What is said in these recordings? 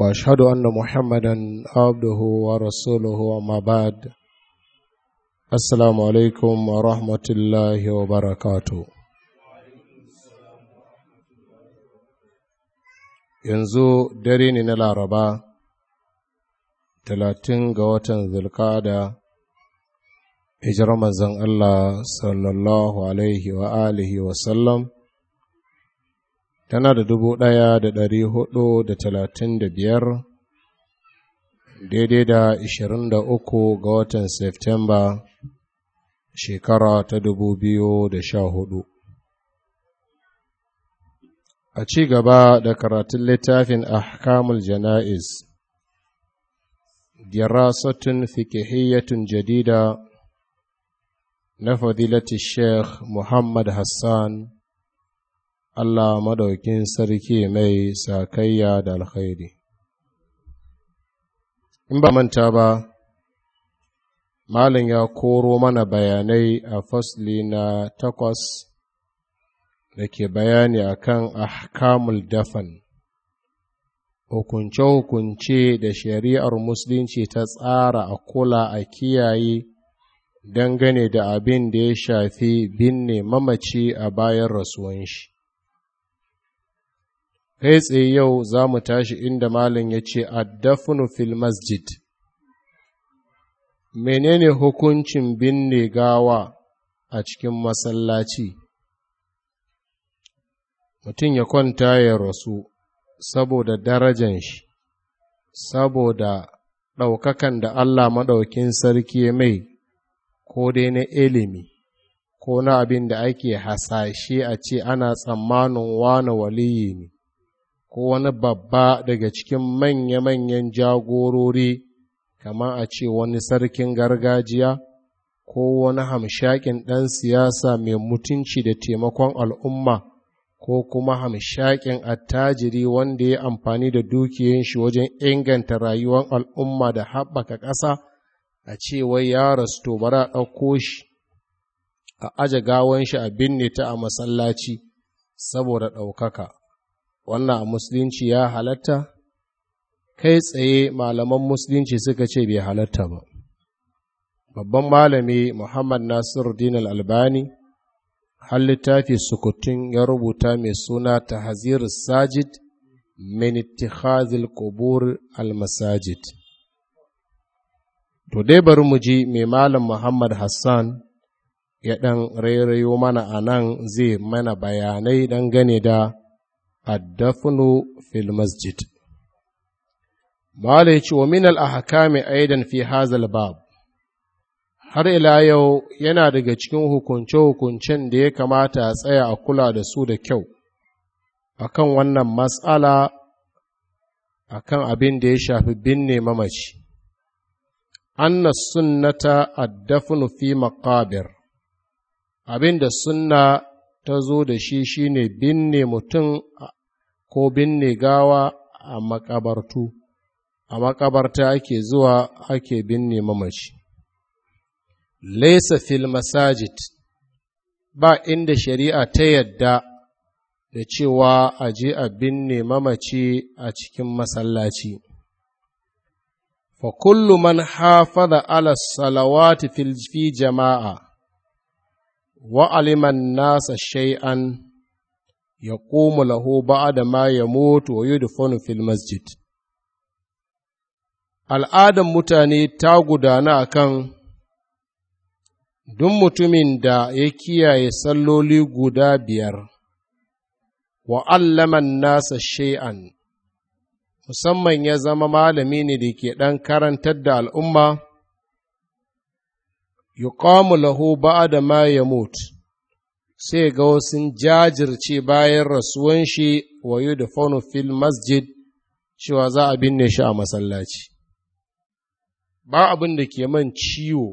واشهد ان محمدا عبده ورسوله وما بعد السلام عليكم ورحمه الله وبركاته yanzu dare ne na laraba talatin ga watan zulkada hijirar manzon allah sallallahu alaihi wa alihi tana da dubu ɗaya da ɗari hudu da talatin da biyar daidai da ishirin da uku ga watan Septemba shekara ta dubu biyu da sha hudu. A ci gaba da karatun littafin Ahkamul Jana'iz, Dirasatun Fikihiyyatun Jadida na Fadilati Sheikh Muhammad Hassan Allah madaukin sarki mai sakayya da alkhairi. In ba manta ba, Malin ya koro mana bayanai a fasli na takwas da ke bayani akan ahkamul dafan, hukunce-hukunce da shari'ar Musulunci ta tsara a kula a kiyaye dangane da abin da ya shafi binne mamaci a bayan rasuwan shi. kai tsaye yau za mu tashi inda malin ya ce a dafnu fil masjid menene hukuncin binne gawa a cikin masallaci mutum ya kwanta ya rasu saboda darajan shi saboda ɗaukakan da Allah maɗaukin sarki ya mai ko dai na ilimi ko na abin da ake hasashe a ce ana tsammanin wane waliyi ne ko wani babba daga cikin manya-manyan jagorori kama a ce wani sarkin gargajiya ko wani hamshakin ɗan siyasa mai mutunci da taimakon al'umma ko kuma hamshakin attajiri wanda ya amfani da dukiyan shi wajen inganta rayuwar al'umma da haɓaka ƙasa a wai ya rasto bara ɗauko shi a aje gawon shi a binne ta a masallaci saboda ɗaukaka wannan a musulunci ya halatta kai tsaye malaman musulunci suka ce bai halatta ba babban malami muhammad Nasiru, nasiruddin albani har littafi sukutun ya rubuta mai suna ta hazir sajid min ittikhazil al to dai bari mu ji mai malam muhammad hassan ya ɗan rairayo mana a nan zai mana bayanai dangane da الدفن fil masjid mala ya ce wa minal ahkami aidan fi har ila yau yana daga cikin hukunce-hukuncen da ya kamata a tsaya a kula da su da kyau A kan wannan matsala A kan abin da ya shafi binne mamaci anna sunnata addafnu fi makabir abin da sunna ta zo da shi shine binne mutum ko binne gawa a makabartu, a makabarta ake zuwa ake binne mamaci. Laisa fil masajid ba inda shari'a ta yadda da cewa a je a binne mamaci a cikin masallaci. Fa kullu man hafaza ala salawati fi jama'a wa aliman nasa shay'an ya ƙoma lahu da ma ya mutu wa fil masjid al'adan mutane ta gudana kan duk mutumin da ya kiyaye salloli guda biyar wa allaman nasa shay'an musamman ya zama malami ne da ke ɗan karantar da al'umma, yuqamu lahu da ma ya mutu, sai ga wasu jajirce bayan rasuwan shi wa yi da fil masjid cewa za a binne shi a masallaci ba abin da ke man ciwo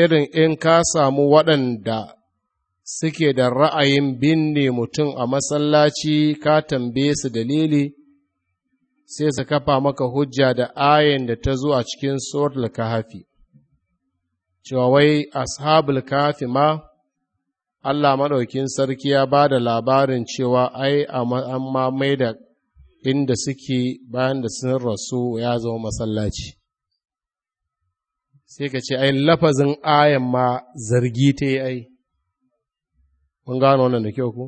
irin in ka samu waɗanda suke da ra'ayin binne mutum a masallaci ka tambaye su dalili sai su kafa maka hujja da ayin da ta zuwa a cikin suratul kahafi cewa wai ashabul kahafi ma Allah maɗaukin sarki ya ba da labarin cewa ai an ma mai da inda suke bayan da sun rasu ya zama masallaci. Sai ka ce, ai lafazin ayan ma zargi ta yi ai, mun gano wannan da kyau ku?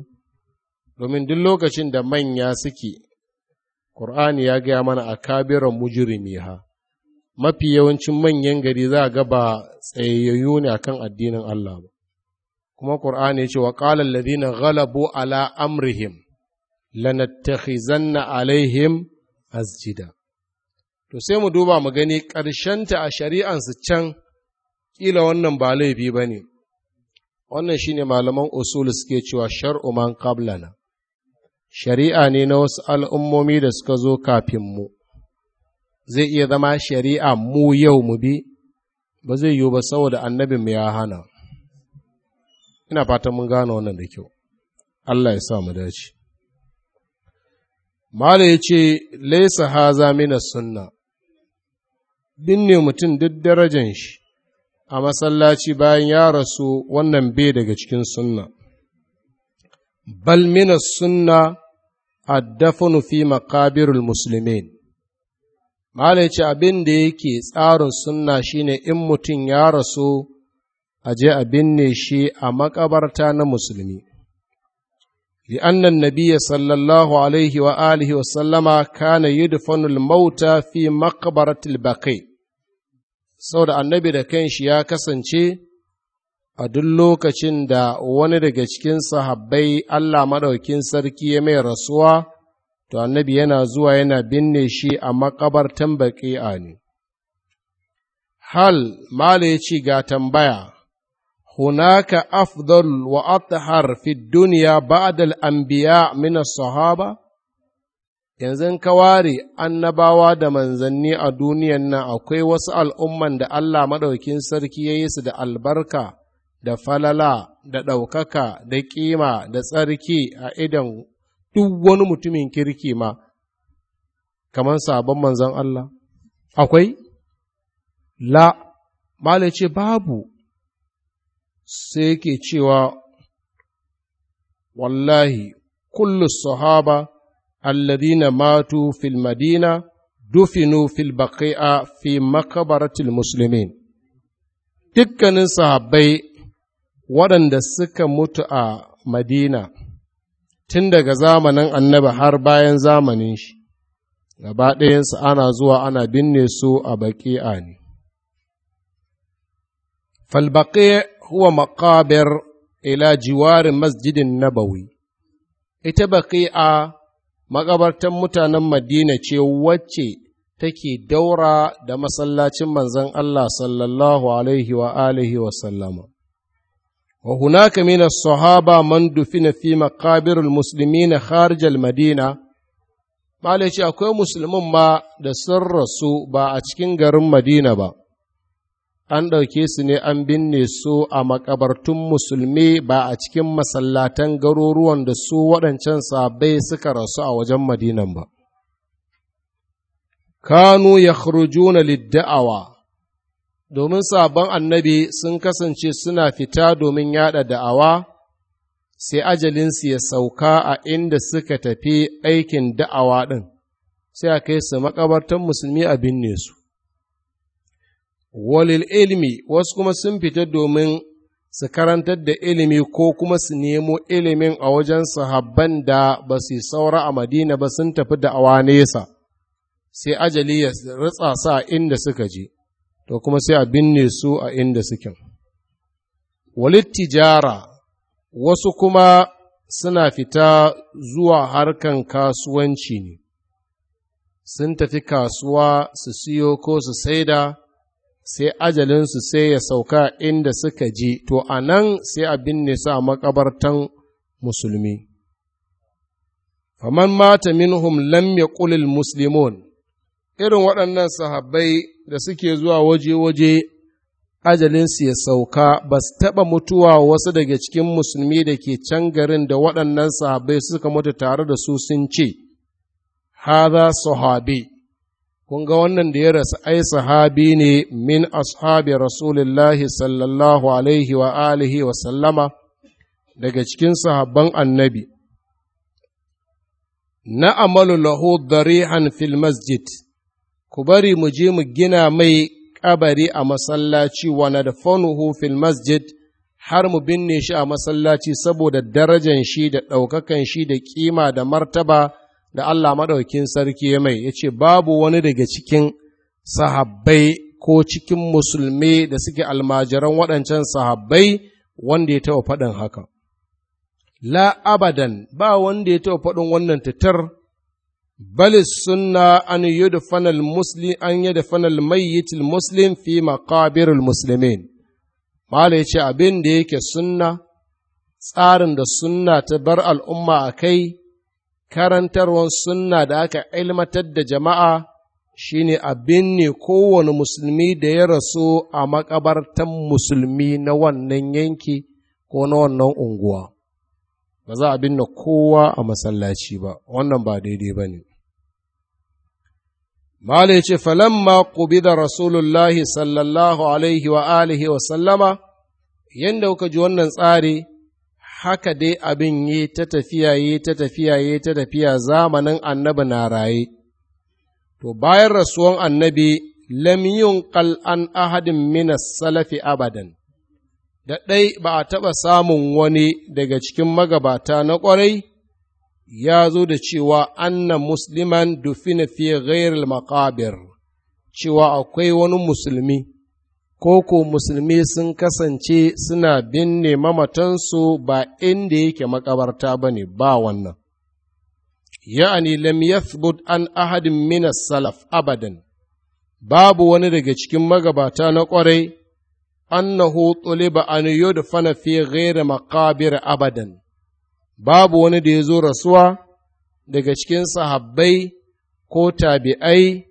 Domin duk lokacin da manya suke, Ƙur'ani ya gaya mana a kabiran mujirimi ha, mafi yawancin manyan gari za a gaba tsayayyayu ne akan addinin Allah ba. kuma ƙur'ani ce wa ƙalar ladina ghalabu ala amrihim lanattakhizanna alaihim asjida to sai mu duba mu gani ƙarshenta a shari'ansu can ƙila wannan ba laifi ba ne wannan shine malaman usul suke cewa shar'u man qablana shari'a ne na wasu al'ummomi da suka zo kafin mu zai iya zama shari'a mu yau mu bi ba zai yiwu ba saboda annabin mu ya hana ina fatan mun gane wannan da kyau Allah ya sa mu dace Mala ya ce, Laisa haza mina sunna, binne mutum duk darajan shi a masallaci bayan ya rasu wannan bai daga cikin sunna. Bal mina sunna addafanu fi makabirul muslimin Mala ya ce abin da yake tsarin sunna shine in mutum ya rasu a je a binne shi a makabarta na musulmi 'annan النبي صلى الله wa وآله wa كان يدفن الموتى mauta fi البقيع bakai, sau da da annabi kanshi ya kasance a duk lokacin da wani daga cikin sahabbai Allah maɗaukin sarki ya mai rasuwa to annabi yana zuwa yana binne shi a makabartan baƙi'a ne hal mala ya ci ga tambaya hunaka afdal wa athar fi duniya ba'da al-anbiya min sahaba yanzu ka ware annabawa da manzanni a duniyan nan akwai wasu al'umman da Allah Maɗaukin sarki ya yi su da albarka da falala da ɗaukaka da ƙima da tsarki a idan duk wani mutumin kirki ma kamar sabon manzan Allah akwai la ce babu sai ke cewa wallahi kullu sahaba alladhina matu fil madina dufinu fil baqi'a fi makabaratil muslimin dukkanin sahabbai waɗanda suka mutu a madina tun daga zamanin annabi har bayan zamanin shi gaba ɗayansu ana zuwa ana binne su a baƙi'a ne falbaƙe huwa maqabir ila jiwarin masjidin nabawi ita baqi'a makabartan mutanen madina ce wacce take daura da masallacin manzon Allah sallallahu alaihi wa alihi wa sallama wa hunaka min as-sahaba man dufina fi maqabir al-muslimin kharij al-madina malai ce akwai musulmin ma da sun rasu ba a cikin garin madina ba an ɗauke su ne an binne su a makabartun musulmi ba a cikin masallatan garuruwan da su waɗancan sabai suka rasu a wajen madinan ba. Kanu ya na lidda'awa domin sabon annabi sun kasance suna fita domin yaɗa da'awa, sai ajalinsu ya sauka a inda suka tafi aikin da'awa ɗin, sai a kai su makabartan musulmi a binne su. walil ilmi wasu kuma sun fita domin su karantar da ilimi ko kuma su nemo ilimin a wajen sahabban da ba su saura a madina ba sun tafi da awa nesa sai ajali ya ritsa sa inda suka je to kuma sai a binne su a inda suke walit tijara wasu kuma suna fita zuwa harkan kasuwanci ne sun tafi kasuwa su siyo ko su saida sai ajalinsu sai ya sauka inda suka je to a nan sai a binne su a makabartan musulmi faman mata minhum lam ƙulil muslimun irin waɗannan sahabbai da suke zuwa waje-waje ajalinsu ya sauka ba su taɓa mutuwa wasu daga cikin musulmi da ke can garin da waɗannan sahabbai suka mutu tare da su sun ce haza sahabi kun ga wannan da ya rasu ai sahabi ne min ashabi rasulillahi sallallahu alaihi wa alihi wa sallama daga cikin sahabban annabi na amalu lahu darihan fil masjid ku bari mu je mu gina mai kabari a masallaci wa da fil masjid har mu binne shi a masallaci saboda darajan shi da ɗaukakan shi da kima da martaba da Allah maɗaukin sarki ya mai ya ce babu wani daga cikin sahabbai ko cikin musulmi da suke almajiran waɗancan sahabbai wanda ya taɓa faɗin haka. La abadan ba wanda ya taɓa faɗin wannan tattar. bali sunna an yudfana muslim an mai al-mayyit muslim fi maqabir muslimin mala yace abin da yake sunna tsarin da sunna ta bar al'umma a kai karantarwar sunna da aka ilmatar da jama'a shine abin ne kowane musulmi da ya rasu a makabartan musulmi na wannan yanki ko na wannan unguwa ba za a binne kowa a masallaci ba wannan ba daidai ba ne Malai ce ma bi da rasulullahi sallallahu alaihi wa alihi wa sallama yadda kuka ji wannan tsari haka dai abin yi ta tafiya yi ta tafiya yi ta tafiya zamanin annabi na raye to bayan rasuwan annabi lamyin kal'an ahadin minas salafi abadan da ɗai ba a taɓa samun wani daga cikin magabata na ƙwarai ya zo da cewa anna musliman dufina fi ghairil maqabir cewa akwai wani musulmi ko ko musulmi sun kasance suna binne mamatansu ba inda yake makabarta ba ne ba wannan. Ya'ani lam yathbut an ahadin minas salaf abadan, babu wani daga cikin magabata na ƙwarai, annahu tuliba an Fana, fi ghairi maqabir abadan, babu wani da ya zo rasuwa daga cikin sahabbai ko tabi'ai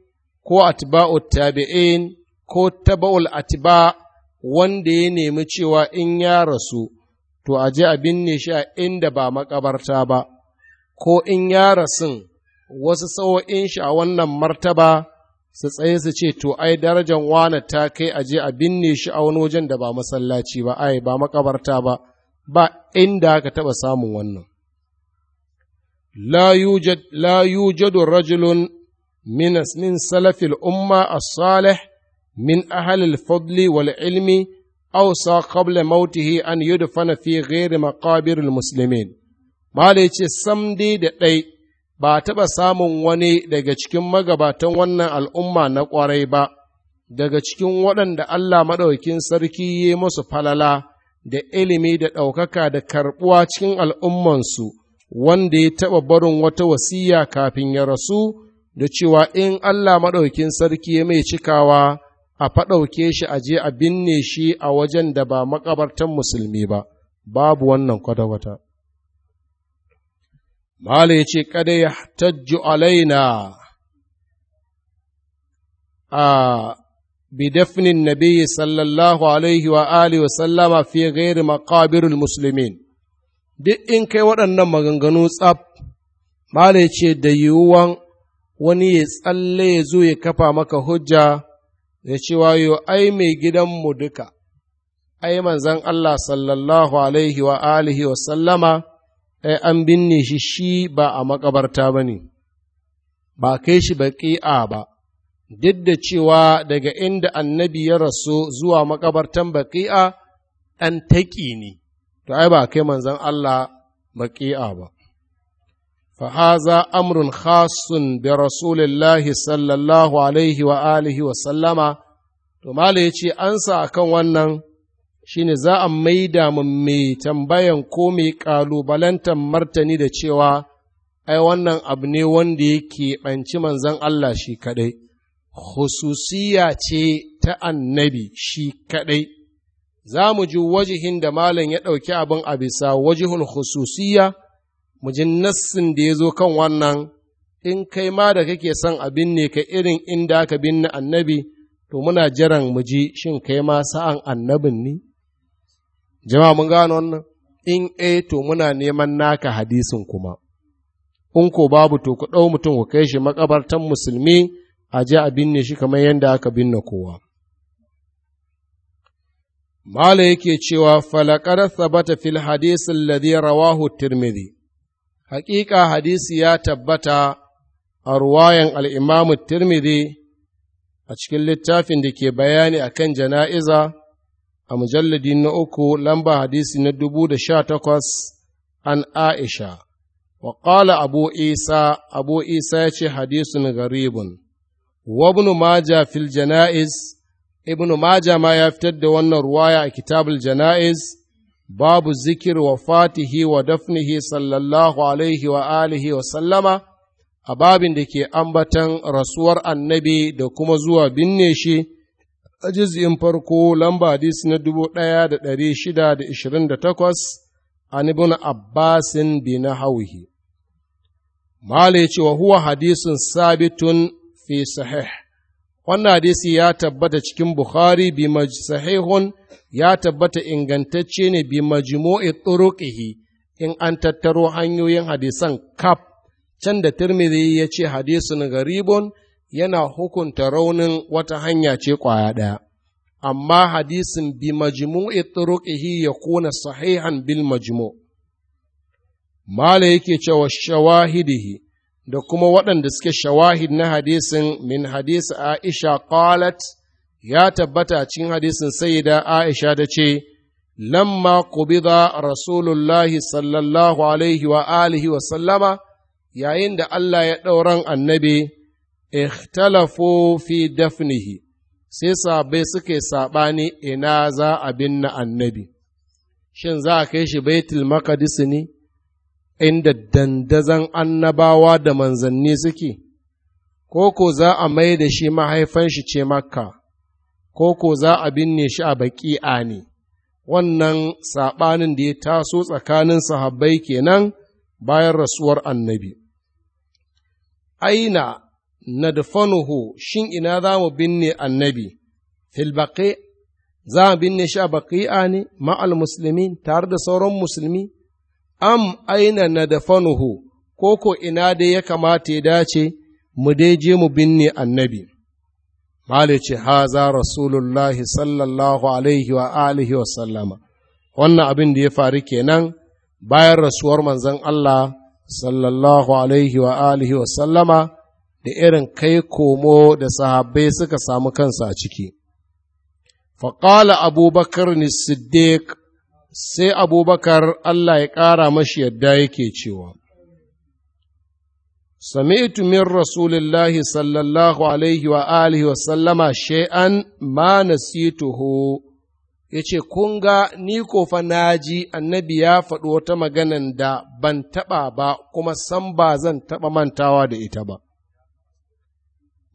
ko atba'ut tabi'in ko taba'ul atiba wanda ya nemi cewa in ya rasu to a je a binne shi a inda ba makabarta ba ko in ya rasun wasu sawo'in shi a wannan martaba su tsaye su ce to ai darajar wana ta kai a je a binne shi a wani wajen da ba masallaci ba ai ba makabarta ba ba inda aka taɓa samun wannan la yujadu rajulun min salafil umma as-salih min ahalil fadli wal ilmi أوصى قبل موته أن يدفن في غير مقابر المسلمين Malai ce sam dai da ɗai ba taɓa samun wani daga cikin magabatan wannan al'umma na ƙwarai ba, daga cikin waɗanda Allah maɗaukin sarki ya musu falala da ilimi da ɗaukaka da karɓuwa cikin al'ummansu wanda ya taɓa barin wata wasiya kafin ya rasu da cewa in Allah maɗaukin sarki ya mai cikawa a faɗauke shi a je a binne shi a wajen da ba makabartan musulmi ba, babu wannan kwata-kwata. Mala ya ce, Kada ya tajju alaina a bidafnin nabi sallallahu alaihi wa alihi wa sallama fi gairi makabirul musulmin, duk in kai waɗannan maganganu tsab, Mala ya ce, da yiwuwan wani ya tsalle ya zo ya kafa maka hujja. zai ce wayo ai mai gidanmu duka ai manzan Allah sallallahu alaihi wa alihi wa sallama ai an binne shi shi ba a makabarta ba ne ba kai shi baƙi'a ba duk da cewa daga inda annabi ya rasu zuwa makabartan baƙi'a ɗan taƙi ne to ai ba kai manzan Allah baƙi'a ba فهذا أمر خاص برسول الله صلى الله عليه وآله وسلم وما ليتي أنسى أكون ونن shine za a maida mai tambayan ko mai ƙalubalantar martani da cewa ai wannan abu ne wanda yake ɓanci manzan Allah shi kaɗai, hususiya ce ta annabi shi kaɗai, za mu ji wajihin da malam ya ɗauki abin a bisa wajihul hususiyya? mu nassin da ya zo kan wannan in kai ma da kake son abin ne ka irin inda aka binne annabi to muna jiran mu ji shin kai ma sa'an annabin ne jama'a mun gano wannan in eh to muna neman naka hadisin kuma in ko babu to ku ɗau mutum ku kai shi makabartan musulmi a je a binne shi kamar yadda aka binne kowa Mala yake cewa falakar sabata fil hadisin lazi rawahu tirmidhi Hakika hadisi ya tabbata a ruwayan al'imamu Tirmidhi a cikin littafin da ke bayani a kan jana'iza a mujalladi na uku lamba hadisi na dubu da sha takwas an Aisha, wa ƙala abu Isa, abu Isa ya ce hadisun garibun, wa maja fil jana'iz, ibnu maja ma ya fitar da wannan ruwaya a kitabul jana'iz, babu zikir wa fatihi wa dafnihi sallallahu alaihi wa wa sallama a babin da ke ambatan rasuwar annabi da kuma zuwa binne shi a jiz'in farko lamba hadis na 1628 an ibn abbasin bi na hauhi mala ya ce wa huwa hadisin sabitun fi sahih wannan hadisi ya tabbata cikin bukhari bi sahihun ya tabbata ingantacce ne bi majmu'i turuqihi in an tattaro hanyoyin hadisan kaf can da Tirmidhi ya ce hadisun garibun yana hukunta raunin wata hanya ce kwaya ɗaya amma hadisin bi majmu'i turuqihi ya kuna sahihan bil majmu' mala yake cewa shawahidihi da kuma waɗanda suke shawahid na hadisin min hadisi Aisha qalat ya tabbata cikin hadisin sayyida Aisha da ce, Lamma kubida Rasulullahi sallallahu alaihi wa alihi wa sallama yayin da Allah ya ɗauran annabi, ikhtalafu fi dafnihi, sai sabai suke saɓani ina za a binne annabi. Shin za a kai shi baitul maqdis ne, inda dandazan annabawa da manzanni suke, Koko za a mai da shi mahaifanshi ce makka. ko ko za a binne shi a baƙi'a ne, wannan saɓanin da ya taso tsakanin sahabbai kenan bayan rasuwar annabi. Aina na shin ina za mu binne annabi, filbaƙe za a binne shi a baƙi'a ne ma'al musulmi tare da sauran musulmi, am aina na ko ko ina dai ya kamata ya dace mu dai mu binne annabi. Mali ce, Haza Rasulullahi sallallahu alaihi wa alihi wa sallama, wannan abin da ya faru kenan bayan rasuwar manzon Allah sallallahu alaihi wa alihi wa sallama da irin kai komo da sahabbai suka samu kansa a ciki. Faƙala abubakar ni Siddiq sai abubakar Allah ya ƙara mashi yadda yake cewa. سمعت من رسول الله صلى الله عليه وآله وسلم شيئا ما نسيته yace kun ga ni kofa naji annabi ya faɗi wata maganan da ban taɓa ba kuma san ba zan taɓa mantawa da ita ba.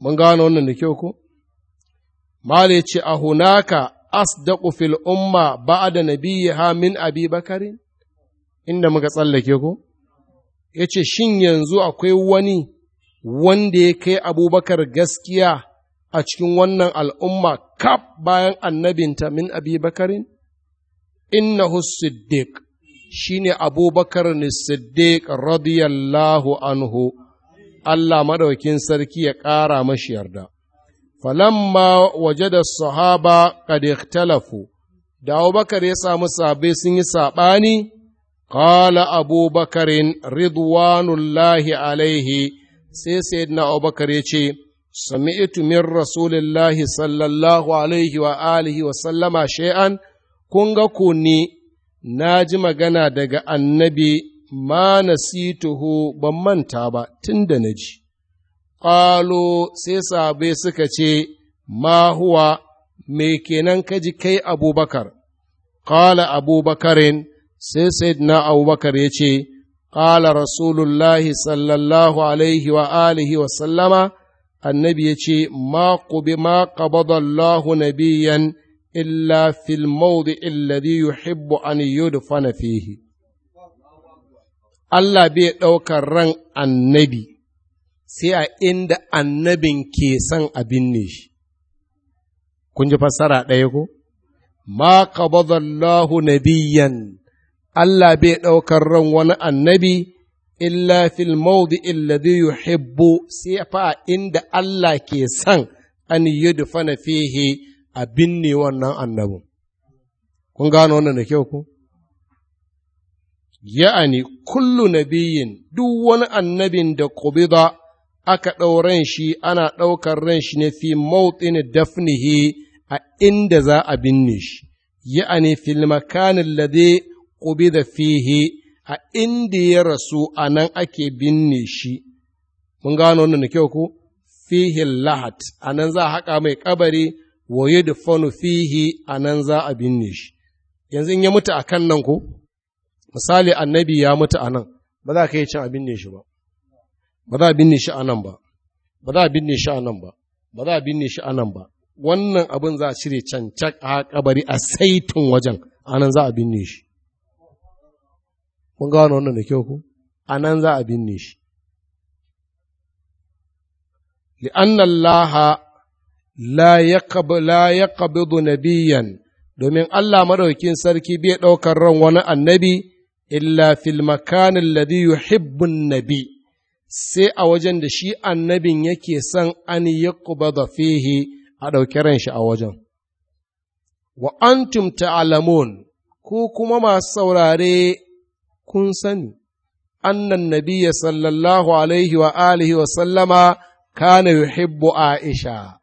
Mun gano wannan da kyau ko? Mali ce a hunaka asdaqu fil umma ba'da nabiyha min abi bakarin inda muka tsallake ko? ya ce, Shin yanzu akwai wani wanda ya kai abubakar gaskiya a cikin wannan al'umma kaf bayan annabinta min abubakarin? Innahu Siddiq shi ne abubakar ni Siddiq radiyallahu anhu, Allah maɗaukin sarki ya ƙara mashi yarda. Falamma waje da sahaba kad da Abubakar ya samu sabai sun yi saɓani, قال أبو بكر رضوان sai sayyidina abubakar ya ce sami'tu min rasulillahi sallallahu alaihi wa wa sallama shay'an kun ga ko na ji magana daga annabi ma nasituhu ban manta ba tun da na ji ƙalo sai sabe suka ce mahuwa huwa me kenan ka ji kai abubakar ƙala abubakarin sai sayyidina abubakar ya ce ƙala rasulullahi sallallahu alaihi wa alihi wa sallama annabi ya ce ma qubi ma na nabiyan illa fil mawdi alladhi yuhibbu an yudfana fihi Allah bai ɗaukar ran annabi sai a inda annabin ke son abin binne shi. Kun ji fassara ɗaya ko? Ma na nabiyan Allah bai ɗaukar ran wani annabi illa fil mawdi alladhi yuhibbu sai fa inda Allah ke son an yudfana fihi a binne wannan annabin kun gano wannan da kyau ku ya'ani kullu nabiyin duk wani annabin da qubida aka ɗauran shi ana ɗaukar ran shi ne fi mawtin dafnihi a inda za a binne shi ya'ani fil makanin da fihi a inda ya rasu a nan ake binne shi mun gano wannan da kyau ku? fihi lahat a nan za a haƙa mai kabari da yudfanu fihi a nan za a binne shi yanzu in ya mutu a kan nan ku, misali annabi ya mutu a nan ba za ka yi cin a binne shi ba ba za a binne shi a nan ba ba za a binne shi a nan ba ba za a binne shi a nan ba wannan abin za a cire can a ƙabari a saitin wajen a nan za a binne shi mun ga wannan da kyau ku a nan za a binne shi li'anna Allah la yaqbidu nabiyyan domin Allah madaukin sarki bai ɗaukar ran wani annabi illa fil makan alladhi yuhibbu nabi sai a wajen da shi annabin yake son an yi fihi a ɗauki ran shi a wajen. Wa antum ta'lamun ku kuma masu saurare kun sani annan nabiyya sallallahu alaihi wa alihi wa sallama kana yuhibbu aisha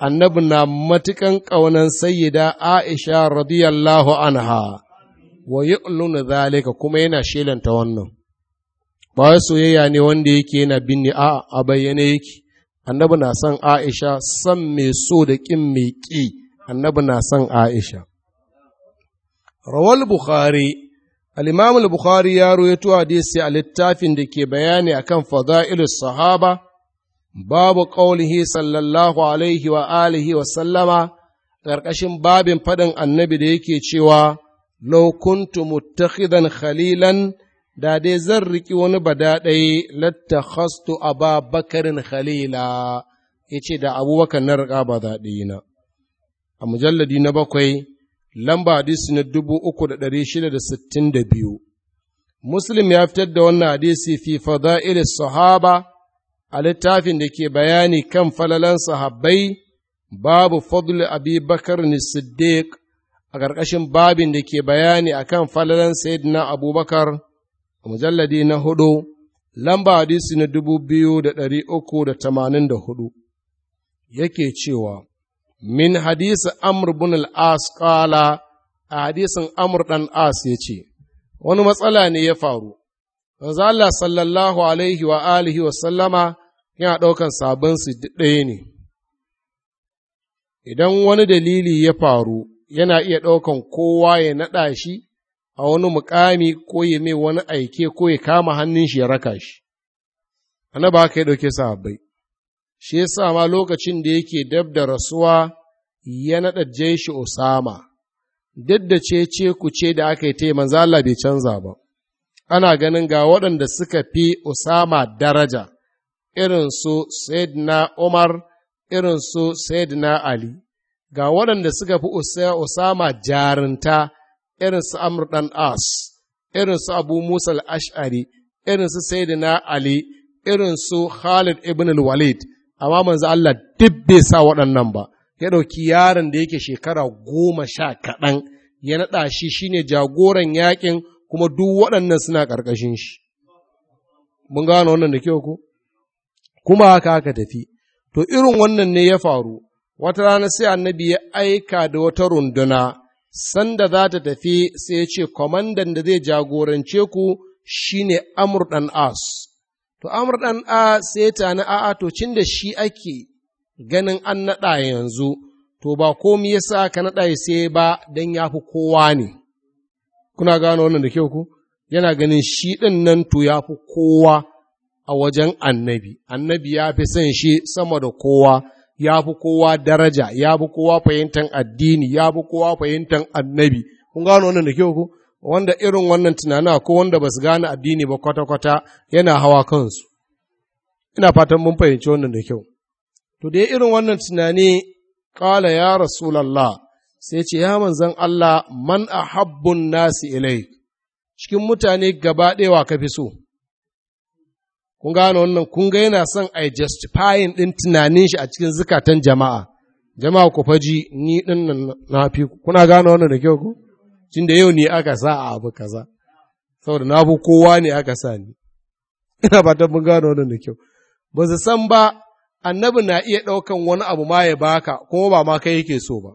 annabi na matukan ƙaunan sayyida aisha radiyallahu anha wa yu'lunu zalika kuma yana shelanta wannan ba soyayya ne wanda yake yana binni a a bayyane yake annabi na son aisha san mai so da ƙin mai ƙi annabi na son aisha rawal bukhari al bukhari al-Bukhari ya rawaito hadisi a littafin da ke bayani akan fada'ilus sahaba babu qaulihi sallallahu alaihi wa alihi wa sallama ƙarƙashin babin faɗin annabi da yake cewa law kuntu muttakhidan khalilan da dai zan riki wani badaɗai lattakhastu aba yace da abubakar na riƙa ba daɗi a mujalladi na bakwai lamba hadisi na dubu uku da da da shida sittin biyu. muslim ya fitar da wannan hadisi fi fada'il sahaba a littafin da ke bayani kan falalan sahabbai babu fadl abi bakar siddiq a ƙarƙashin babin da ke bayani a kan falalan sayyidina abubakar a mujalladi na hudu lamba hadisi na dubu biyu da ɗari uku da tamanin da hudu yake cewa min hadisi amr bin al-as qala a hadisin amr dan as yace wani matsala ne ya faru manzo Allah sallallahu alaihi wa alihi wa sallama yana ɗaukan sabon su ɗaya ne idan wani dalili ya faru yana iya ɗaukan kowa ya naɗa shi a wani mukami ko ya mai wani aike ko ya kama hannun shi ya raka shi annaba haka ya ɗauke sahabbai shi yasa ma lokacin da yake dab da rasuwa ya naɗa jeshi Usama. duk da ce ce ku ce da aka yi ta manzo Allah bai canza ba, ana ganin ga waɗanda suka fi Osama daraja, irin su Sayyidina Umar, irin su Sayyidina Ali, ga waɗanda suka fi Osama jarinta irin su Amr ɗan As, irin su Abu Musa al-Ash'ari, irin su Sayyidina Ali, irin su Khalid ibn al-Walid, amma manzo Allah duk bai sa waɗannan ba ya ɗauki yaron da yake shekara goma sha kaɗan ya naɗa shi shine jagoran yaƙin, kuma duk waɗannan suna ƙarƙashin shi mun gano wannan da kyau ko kuma haka aka tafi to irin wannan ne ya faru wata rana sai annabi ya aika da wata runduna sanda za ta tafi sai ya ce kwamandan da zai jagorance ku shine amur ɗan as To, amur ɗan a sai na a'a to cin da shi ake ganin an naɗa yanzu, to ba komi ya sa ka naɗa ya sai ba don ya fi kowa ne. Kuna gano wannan da kyau ku? Yana ganin shi ɗin nan to ya fi kowa a wajen annabi, annabi ya fi son shi sama da kowa, ya fi kowa daraja, ya fi kowa fahimtar addini, ya fi kowa fahimtar annabi. Kun gano wannan da kyau ku? wanda irin wannan tunana ko wanda ba su gane addini ba kwata-kwata yana hawa kansu ina fatan mun fahimci wannan da kyau to da irin wannan tunani kala ya rasulallah sai ce ya manzan Allah man ahabbun nasi ilai cikin mutane gaba ɗewa ka fi so kun gane wannan kun ga yana son ai justifying din tunanin shi a cikin zukatan jama'a jama'a ku faji ni ɗin nan na fi kuna gane wannan da kyau ku tun da yau ne aka sa a abu kaza saboda na fi kowa ne aka sa ne. ina fatan mun gano wannan da kyau ba su san ba annabi na iya ɗaukan wani abu ma ya baka ko ba ma kai yake so ba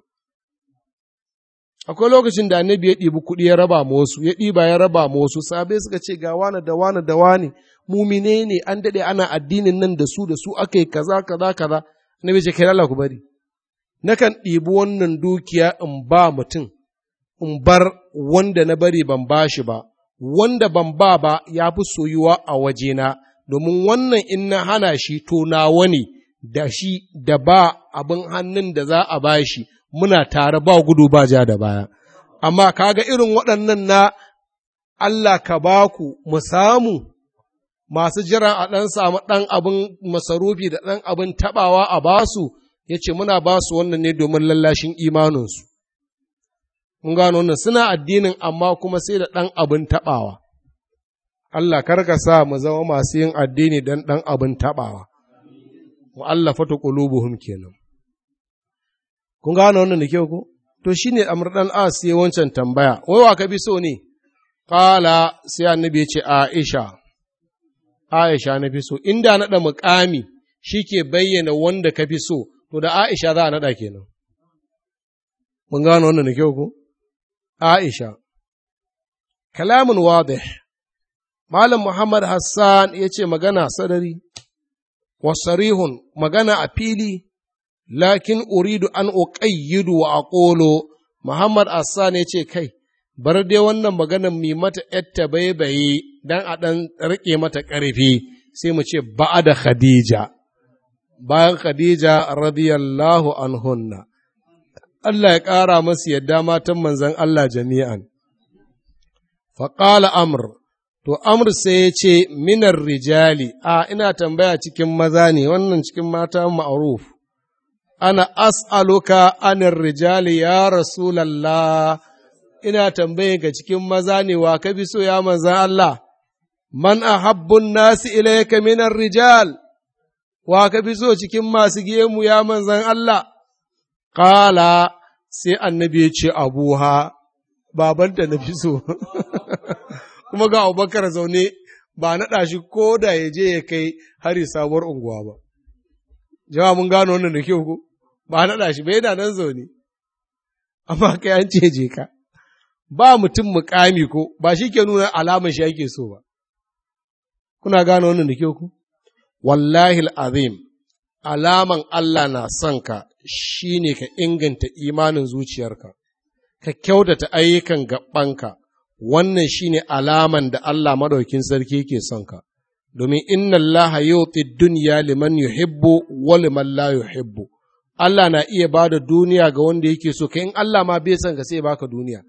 akwai lokacin da annabi ya ɗibi kuɗi ya raba ma wasu ya ɗiba ya raba ma wasu sabe suka ce ga wani da wani da wani mumine ne an daɗe ana addinin nan da su da su aka yi kaza kaza kaza annabi ce kai Allah ku bari nakan ɗibi wannan dukiya in ba mutum in bar wanda na bari ban bashi ba, wanda ban ba ba ya fi soyuwa a wajena, domin wannan in na hana shi to nawa ne da shi da ba abin hannun da za a ba shi muna tare ba gudu ba ja da baya. Amma kaga irin waɗannan na Allah ka ba ku mu samu masu jira a ɗan samu ɗan abin masarufi da ɗan abin taɓawa a basu, yace ce muna basu wannan ne domin lallashin imaninsu. Mun gano wannan suna addinin amma kuma sai da ɗan abin taɓawa. Allah karka sa mu zama masu yin addini don ɗan abin taɓawa. Mu Allah fata ƙulubuhum kenan. Kun gano wannan da kyau ko? To shi ne amur ɗan As ya wancan tambaya, wai wa ka bi so ne? Ƙala sai annabi ya ce Aisha, Aisha na fi so, inda naɗa muƙami shi ke bayyana wanda ka fi so, to da Aisha za a naɗa kenan. Mun gano wannan da kyau ko? Aisha. Kalamun wadih Malam Muhammad Hassan ya ce magana sarari, wasarihun magana a fili, lakin uridu an uƙayyidu wa ƙolo. Muhammad Hassan ya ce kai, bar dai wannan maganar mai mata ‘yatta baibaye don a ɗan riƙe mata ƙarfi, sai mu ce ba'a da Khadija, bayan Khadija radiyallahu anhunna. Allah ya ƙara masu yadda matan manzan Allah jami'an. Faƙala Amr, to Amr sai ya ce minar rijali, a ina tambaya cikin maza ne, wannan cikin mata ma'aruf. Ana as'aluka anin rijali ya Rasulallah, ina tambaye ga cikin maza ne wa ka bi so ya manzan Allah, man a habbun nasi ilayka minar rijal, wa ka bi so cikin masu gemu ya manzan Allah. Ƙala sai annabi ya ce abuha, babanta na fi so, kuma ga abubakar zaune ba naɗa shi ko da ya je ya kai hari sabuwar unguwa ba. Jama mun gano wannan da kyau ko? Ba naɗa shi ba yana nan zaune, amma kai an ce je ka. Ba mutum mukami ko, ba shi ke nuna alamar shi ake so ba. Kuna gano wannan da kyau ku. Wallahi al’azim, alaman Allah na son ka, shi ne ka inganta imanin zuciyarka, ka kyautata ayyukan gaɓanka, wannan shi ne alaman da Allah maɗaukin sarki ke son ka, domin inna Allah yuti duniya liman yuhibbu wa la yuhibbu. Allah na iya ba da duniya ga wanda yake so, ka in Allah ma bai son ka sai baka duniya,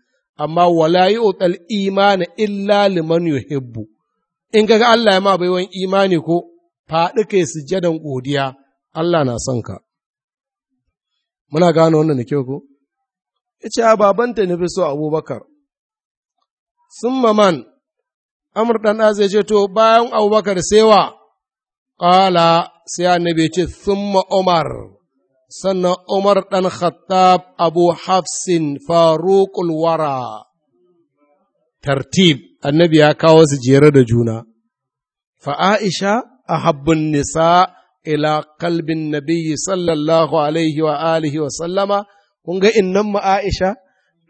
amma wala yi yutal imani illa liman yuhibbu. In ga Allah ya ma wani imani ko faɗi kai sujadan godiya, Allah na son ka. Muna gane wannan da kyau ko? Ya ce, A babanta nufi so Abubakar, sun maman, Amur ɗan zai ce, To, bayan Abubakar sai wa. ƙala sai annabi ce, Sun Umar, sannan Umar ɗan Khattab Abu Hafsin Faruqul Wara. Tartib, annabi ya kawo su jere da juna. Fa'aisha a habbin nisa ila kalbin nabiyyi sallallahu alaihi wa alihi wa sallama kun ga mu Aisha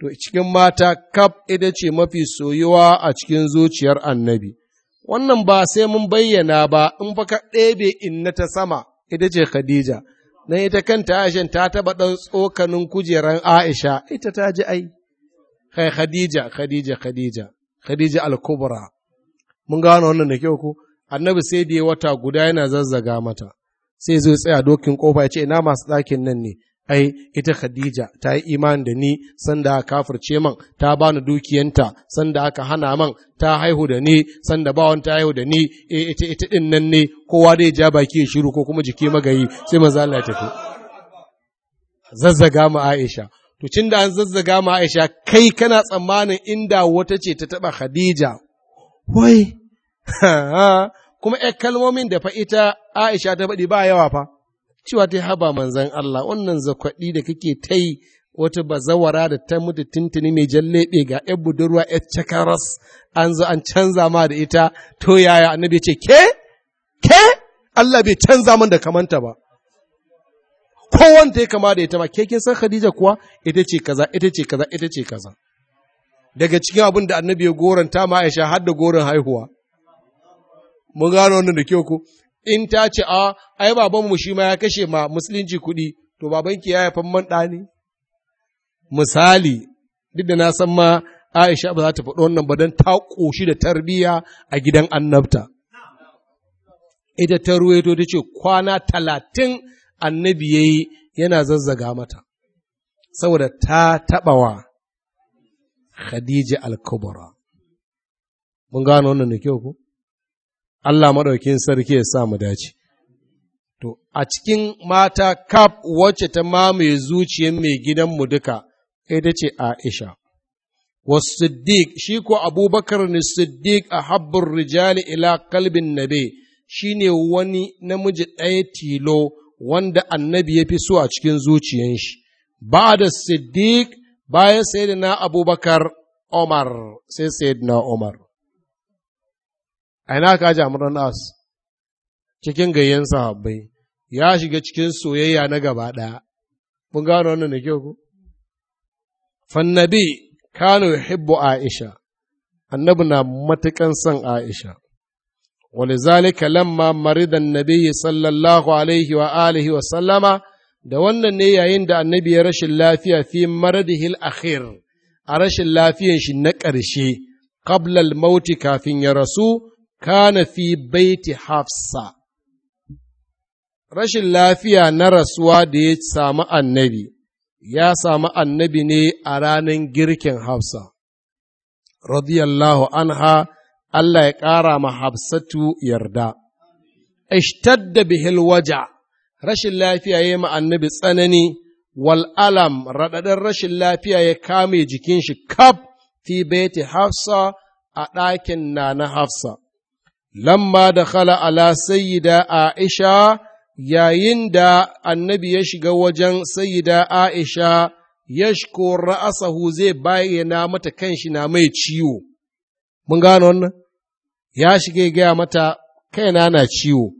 to cikin mata kaf ita ce mafi soyuwa a cikin zuciyar annabi wannan ba sai mun bayyana ba in fa ɗebe inna ta sama ita ce Khadija na ita kanta tashin ta taba ɗan tsokanin kujeran Aisha ita ta ji ai kai Khadija Khadija Khadija Khadija al-Kubra mun gano wannan da kyau ko annabi sai da ya wata guda yana zazzaga mata sai zai tsaya dokin kofa ya ce ina masu ɗakin nan ne ai ita Khadija ta yi imani da ni sanda aka kafirce man ta bani dukiyanta sanda aka hana man ta haihu da ni sanda bawan ta haihu da ni eh ita ita din nan ne kowa dai ja baki ya shiru ko kuma jiki magayi sai manzo Allah ya tafi zazzaga mu Aisha to cin da an zazzaga mu Aisha kai kana tsammanin inda wata ce ta taba Khadija wai kuma ‘yar kalmomin da fa ita Aisha ta faɗi ba yawa fa, cewa ta haba manzan Allah, wannan zakwaɗi da kake ta yi wata bazawara da ta mutu tuntuni mai jallebe ga ‘yan budurwa ‘yan cakaras an zo an canza ma da ita to yaya annabi ce ke ke Allah bai canza min da kamanta ba ko wanda ya kama da ita ma ke kin san Khadija kuwa ita ce kaza ita ce kaza ita ce kaza daga cikin abin da annabi ya goranta ma Aisha har da goron haihuwa mun gano wannan da kyau ko in ta ce a ai babanmu shi ma ya kashe ma musulunci kuɗi to babanki ya yafan man ɗani misali duk da na san ma Aisha ba za ta faɗi wannan ba don ta ƙoshi da tarbiyya a gidan annabta. Ita ta ruwaito ta ce kwana talatin annabi ya yana zazzaga mata, saboda ta taɓawa Khadija al-Kubra. Mun gano wannan da kyau ku? Allah maɗaukin sarki ya sa mu dace. To, a cikin mata kaf wacce ta mamaye zuciyar mai gidanmu duka, ita ce Aisha. shi ko Abubakar ni Siddiq a habbin rijali ila kalbin nabe, shi ne wani namiji ɗaya tilo wanda annabi ya fi so a cikin zuciyar shi ba da siddiq bayan sayyidina abubakar omar sai sayyidina omar a ina ka ji amuran as cikin gayyen sahabbai ya shiga cikin soyayya na gaba ɗaya mun gano wannan da kyau ku fannabi kano ya hibbu aisha annabi na matukan son aisha Wani ولذلك لما مرض sallallahu alaihi wa alihi wa sallama da wannan ne yayin da annabi ya rashin lafiya fi maradihil akhir a rashin lafiyan shi na ƙarshe qablal mauti kafin ya rasu kana fi baiti hafsa rashin lafiya na rasuwa da ya samu annabi ya samu annabi ne a ranar girkin hafsa radiyallahu anha Allah ya ƙara ma hafsatu yarda ishtadda bihil waja rashin lafiya ya ma annabi tsanani wal'alam, alam raɗaɗin rashin lafiya ya kame jikin shi fi baiti hafsa a ɗakin na na hafsa lamma da khala ala sayyida Aisha yayin da annabi ya shiga wajen sayyida Aisha yashko ra'asahu zai bayyana mata kanshi na mai ciwo. Mun gano wannan? Ya shiga gaya mata kaina na ciwo.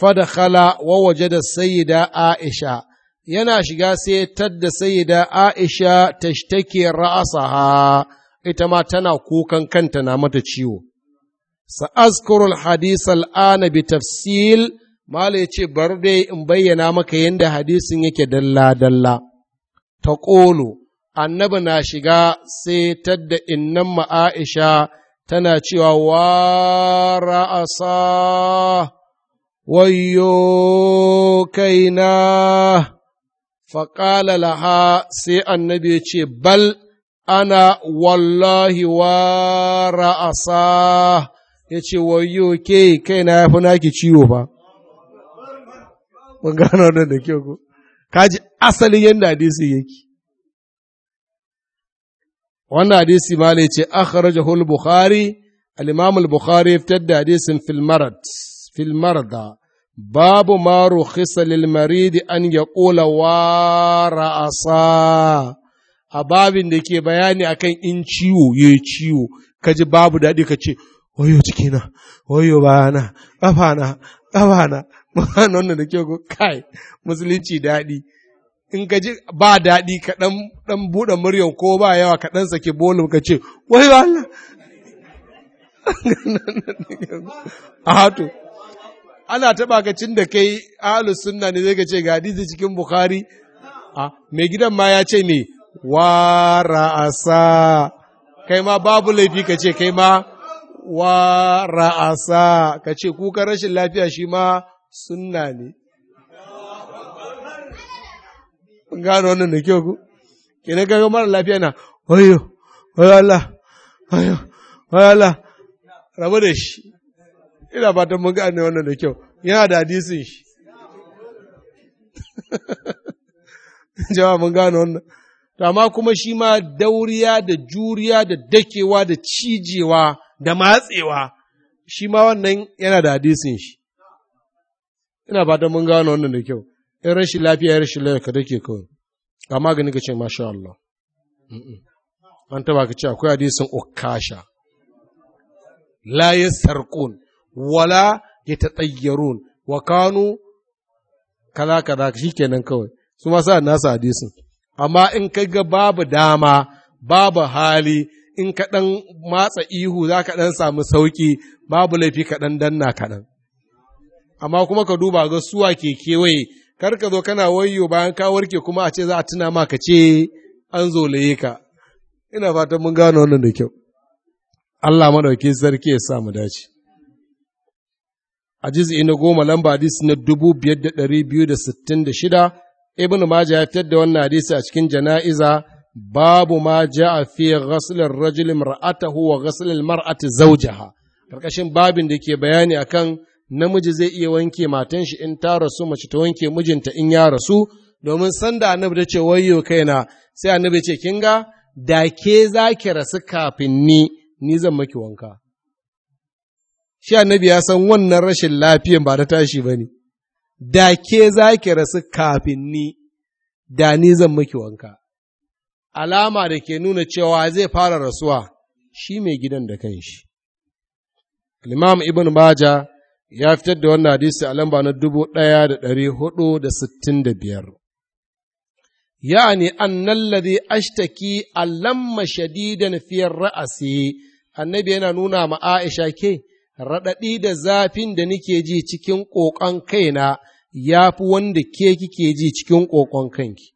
Fadakhala wa waje da sayyida Aisha, yana shiga sai tadda sayyida Aisha tashtake ra'asaha, ita ma tana kukan kanta na mata ciwo. sa'azkurul hadis al'ana bi tafsil mala ya ce bari dai in bayyana maka yadda hadisin yake dalla-dalla ta ƙolo annabi na shiga sai tadda innan Aisha tana cewa wa ra'asa wayo kaina faƙala laha sai annabi ya ce bal ana wallahi wa ra'asa ya ce wayo ke kaina ya fi naki ciwo ba mun gano wannan da kyau ko kaji asalin yadda hadisi yake wannan hadisi ma ne ce akhrajahu al-bukhari al-imam al-bukhari fitar da hadisin fil marad fil babu ma rukhisa lil marid an yaqula wa ra'asa a babin da ke bayani akan in ciwo yayi ciwo kaji babu dadi ka ce wayo cikina wayo bayana ƙafana ƙafana ma'ana wannan da ke ko kai musulunci daɗi in ka ji ba daɗi ka ɗan buɗe muryan ko ba yawa ka ɗan sake bolum ka ce wayo Allah a hatu ana taɓa ka cin da kai ahlus sunna ne zai ka ce ga hadisi cikin bukhari a mai gidan ma ya ce me wara'asa kai ma babu laifi ka ce kai ma wa ra'asa ka ce kukan rashin lafiya shi ma sunna ne kun gano wannan da kyau ku Kina gano mara lafiya na wayo wayo Allah wayo wayo Allah rabu da shi ina fatan mun gane wannan da kyau yana da hadisin shi Jawa mun gane wannan to amma kuma shi ma dauriya da juriya da dakewa da cijewa da matsewa shi ma wannan yana da hadisin shi ina ba mun gano wannan da kyau in rashin lafiya ya rashin lafiya ka ke kawai ga magani ka ce masha Allah an taba ka ce akwai hadisin ukasha la sarkun, wala yatatayyarun wa kanu kaza kaza kenan kawai su ma nasa hadisin amma in kai ga babu dama babu hali in ka ɗan matsa ihu za ka ɗan samu sauƙi babu laifi ka ɗan danna kaɗan. Amma kuma ka duba ga suwa ke kewaye, kar ka zo kana wayo bayan ka warke kuma a ce za a tuna ma ka ce an zolaye ka. Ina fatan mun gano wannan da kyau. Allah madauki sarki ya sa mu dace. A jiz'i na goma lamba hadisi na dubu biyar da ɗari biyu da sittin da shida, Ibn Majah ya fitar da wannan hadisi a cikin jana'iza babu ma ja'a fi ghaslin rajul mar'atahu wa ghaslin mar'ati zawjaha karkashin babin da ke bayani akan namiji zai iya wanke matan shi in ta rasu mace ta wanke mijinta in ya rasu domin sanda annabi ta ce wayyo kaina sai annabi ce kin ga da ke za ki rasu kafin ni ni zan maki wanka shi annabi ya san wannan rashin lafiyan ba ta tashi ba ne da ke za ki rasu kafin ni da ni zan maki wanka alama da ke nuna cewa zai fara rasuwa shi mai gidan da kanshi. Limam Ibn Baja ya fitar da wannan hadisi a lamba na dubu ɗaya da ɗari hudu da sittin da biyar. Yani annan ladhi ashtaki alamma shadidan fiyar ra'asi annabi yana nuna ma Aisha ke raɗaɗi da zafin da nike ji cikin ƙoƙon kaina ya fi wanda ke kike ji cikin ƙoƙon kanki.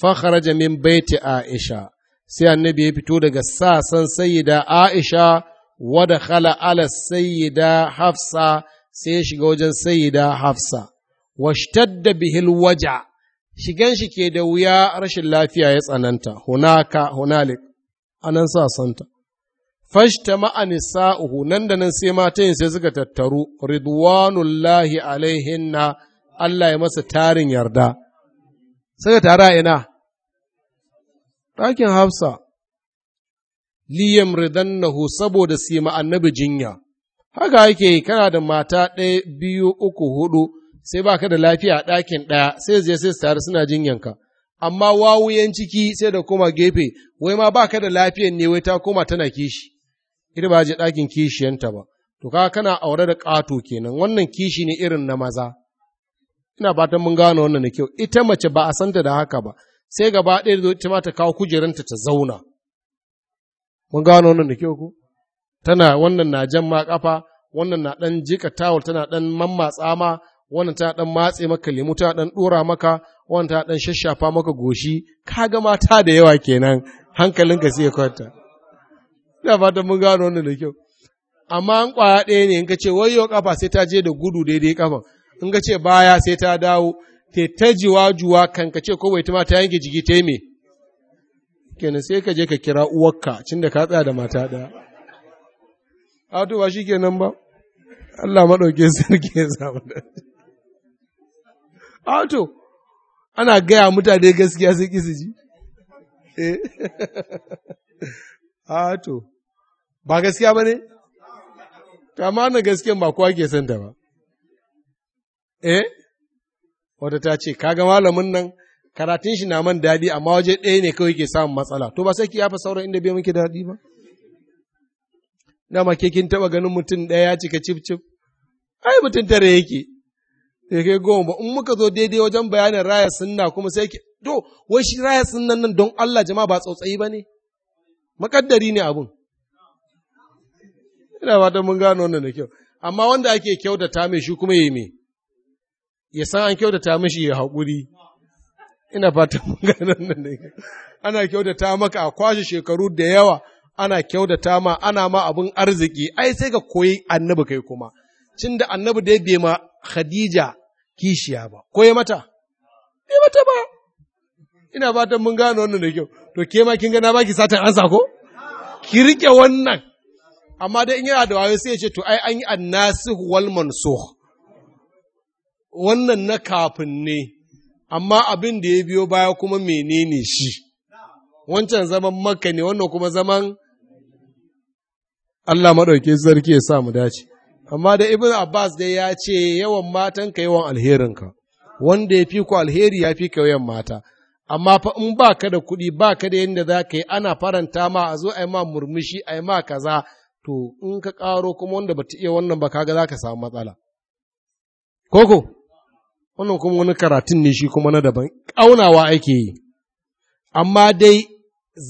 fakharaja min baiti aisha sai annabi ya fito daga sasan sayyida aisha wada khala ala sayyida hafsa sai ya shiga wajen sayyida hafsa washtadda bihil waja shigan shi ke da wuya rashin lafiya ya tsananta hunaka hunalik anan sasanta fashta sa'uhu nan da nan sai matan sai suka tattaru ridwanullahi alaihinna Allah ya masa tarin yarda suka tara ina ɗakin hafsa liyam ridannahu saboda su yi annabi jinya haka yake kana da mata ɗaya biyu uku hudu sai ba ka da lafiya ɗakin ɗaya sai zai sai su tare suna jinyanka amma wawuyan ciki sai da kuma gefe wai ma ba ka da lafiyan ne wai ta koma tana kishi ita ba je ɗakin kishiyanta ba to kana aure da ƙato kenan wannan kishi ne irin na maza ina fatan mun gano wannan da kyau ita mace ba a santa da haka ba sai gaba ɗaya zo ita ma ta kawo kujeranta ta zauna mun gano wannan da kyau ko tana wannan na jan ma kafa wannan na ɗan jika tawul tana ɗan mammatsa ma wannan ta ɗan matse maka lemu ta ɗan ɗora maka wannan ta ɗan shashafa maka goshi ka ga mata da yawa kenan hankalinka sai ya kwanta ina fatan mun gano wannan da kyau amma an kwaya ɗaya ne in ka ce wayo kafa sai ta je da gudu daidai kafan in ga ce baya sai ta dawo te ta jiwa kan ka ce ko bai tuma ta yanke jiki ta me kenan sai ka je ka kira uwarka cin da ka tsaya da mata ɗaya a to ba shi kenan ba Allah maɗauke sarki ya samu da a to ana gaya mutane gaskiya sai su ji eh. a to ba gaskiya ba ne? Kama na gaskiyan ba kowa ke son ta ba. eh wata ta ce kaga malamin nan karatun shi na man daɗi amma waje ɗaya ne kawai ke samun matsala to ba sai ki yafa sauran inda bai muke daɗi ba dama ke kin taɓa ganin mutum ɗaya ya cika cif cif ai mutum tare yake da ke goma ba in muka zo daidai wajen bayanin raya sunna kuma sai ki to wai shi raya sunnan nan don Allah jama'a ba tsautsayi ba ne makaddari ne abun ina fatan mun gano wannan da kyau amma wanda ake kyautata mai shi kuma yi mai ya san an kyautata mishi ya haƙuri ina fata maganin nan ne ana kyautata maka a kwashe shekaru da yawa ana kyautata ma ana ma abin arziki ai sai ka koyi annabi kai kuma cin da annabi dai bai ma Khadija kishiya ba koye mata bai mata ba ina fatan mun gano wannan da kyau to ke ma kin gana baki satan an sako? ki rike wannan amma dai in yana da wayo sai ya ce to ai an yi annasihu wal mansukh wannan na kafin ne, amma abin da ya biyo baya kuma menene shi, wancan zaman maka ne, wannan kuma zaman Allah maɗauki sarki ya sa mu dace. Amma da Ibn Abbas dai ya ce yawan matanka yawan alherinka, wanda ya fi ku alheri ya fi ka yawan mata. amma fa in ba ka da kuɗi ba ka da yadda za ka yi ana faranta ma a zo a yi ma murmushi a yi ma kaza to in ka ƙaro kuma wanda ba ta iya wannan ba kaga za ka samu matsala koko wannan kuma wani karatun ne shi kuma na daban ƙaunawa ake yi amma dai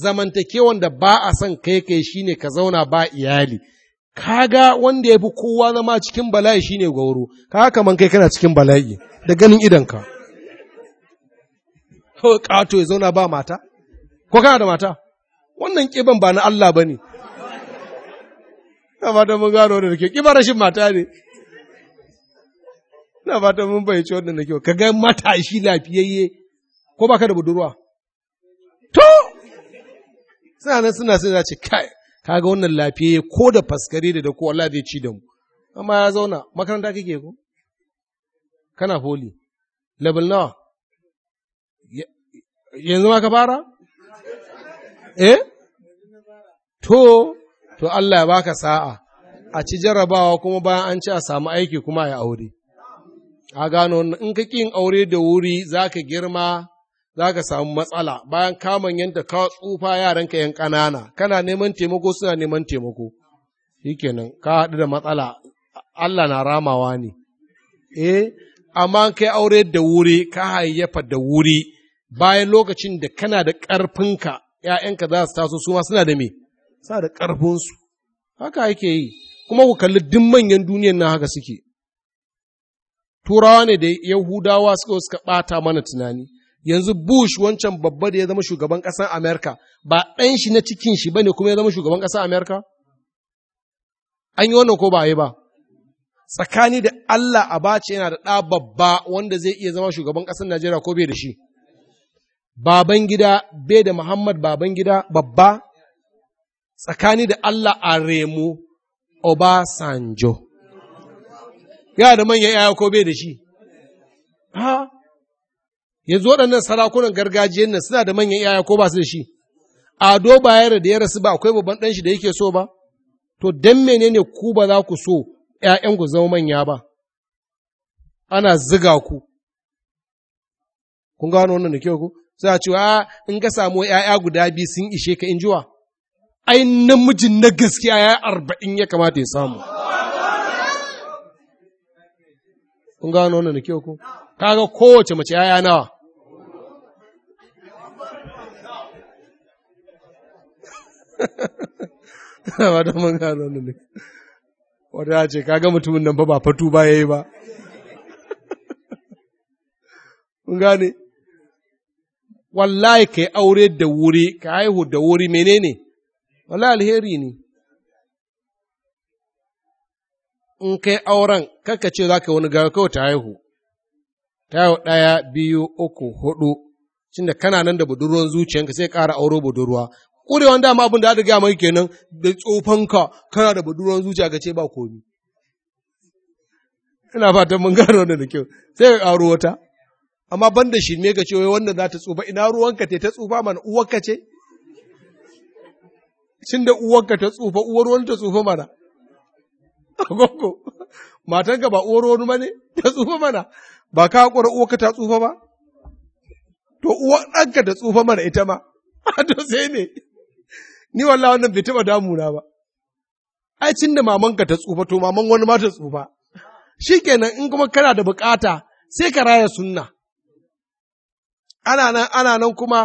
zamantakewan da ba a son kai kai shi ne ka zauna ba iyali kaga wanda ya fi kowa zama cikin bala'i shi shine gauro kaga kaman kai kana cikin bala'i da ganin idanka kawai ƙato ya zauna ba mata ko kana da mata wannan ƙiban ba na Allah ba ne. Ina fata mun gano da ke ƙibar rashin mata ne. Na fata mun bayyace wannan da kyau, ka ga matashi lafiyayye ko baka da budurwa. To, suna nan suna suna ce, kai, ka ga wannan lafiyayye ko da faskare da da ko Allah zai ci da mu. Amma ya zauna, makaranta kake ko? Kana holi, level nawa? Yanzu ma ka fara? Eh? To, to Allah ya baka sa'a, a ci jarrabawa kuma bayan an ci a samu aiki kuma ya aure. a gano in ka ƙin aure da wuri za ka girma za ka samu matsala bayan kamun yanta ka tsufa yaranka yan ƙanana kana neman taimako suna neman taimako shikenan ka haɗu da matsala Allah na ramawa ne eh amma kai aure da wuri ka hayyafa da wuri bayan lokacin da kana da ƙarfinka ‘ya'yanka za su taso su ma suna da me suna da ƙarfinsu haka yake yi kuma ku kalli duk manyan duniyan nan haka suke turawa ne da yahudawa suka suka bata mana tunani yanzu bush wancan babba da ya zama shugaban ƙasar amerika ba ɗan shi na cikin shi ba ne kuma ya zama shugaban ƙasar amerika an yi wannan ko ba yi ba tsakani da allah a bace yana da ɗa babba wanda zai iya zama shugaban ƙasar najeriya ko bai da shi baban gida bai da muhammad baban gida babba tsakani da allah a remu obasanjo ya da manyan ‘ya'ya ko bai da shi? Ha? Yanzu waɗannan sarakunan gargajiyar nan suna da manyan ‘ya'ya ko ba su da shi? Ado ba da ya rasu ba akwai babban ɗanshi da yake so ba? To, don menene ku ba za ku so ‘ya'yan ku zama manya ba? Ana ziga ku. Kun gano wannan da kyau ku? Za a ce, in ka samu ‘ya'ya guda biyu sun ishe ka in Ai, namijin na gaskiya ya arba'in ya kamata ya samu. Kun gano wannan da kyau ko? Kaga kowace mace ‘ya'ya nawa. Ba da mun gano wannan Wata ce, kaga mutumin nan ba ba fatu ba yi ba. Kun gane? Wallahi ka yi aure da wuri, ka haihu da wuri menene? Wallahi alheri ne. in kai auren kaka ce za ka wani gawa kawai ta haihu, ta haihu ɗaya, biyu, uku, hudu. cin da kana nan da budurwan zuciyanka sai ƙara auro budurwa. Ƙurewan dama abin da gaya mai kenan da tsofanka kana da budurwan zuciya ka ce ba komi. Ina fatan mun gano wannan da kyau, sai ka ƙaro wata. Amma ban da shi me ka ce wai wanda za ta tsufa ina ruwanka te ta tsufa mana uwarka ce? Cin da uwarka ta tsufa, uwar wani ta tsufa mana. agogo matanka ba uwar wani ne? ta tsufa mana ba ka uwa ka ta tsufa ba to uwa ɗanka ta tsufa mana ita ma to sai ne ni wallahi wannan bai taɓa damuna ba ai cin da mamanka ta tsufa to maman wani ma ta tsufa shikenan in kuma kana da bukata sai ka raya sunna ana nan ana nan kuma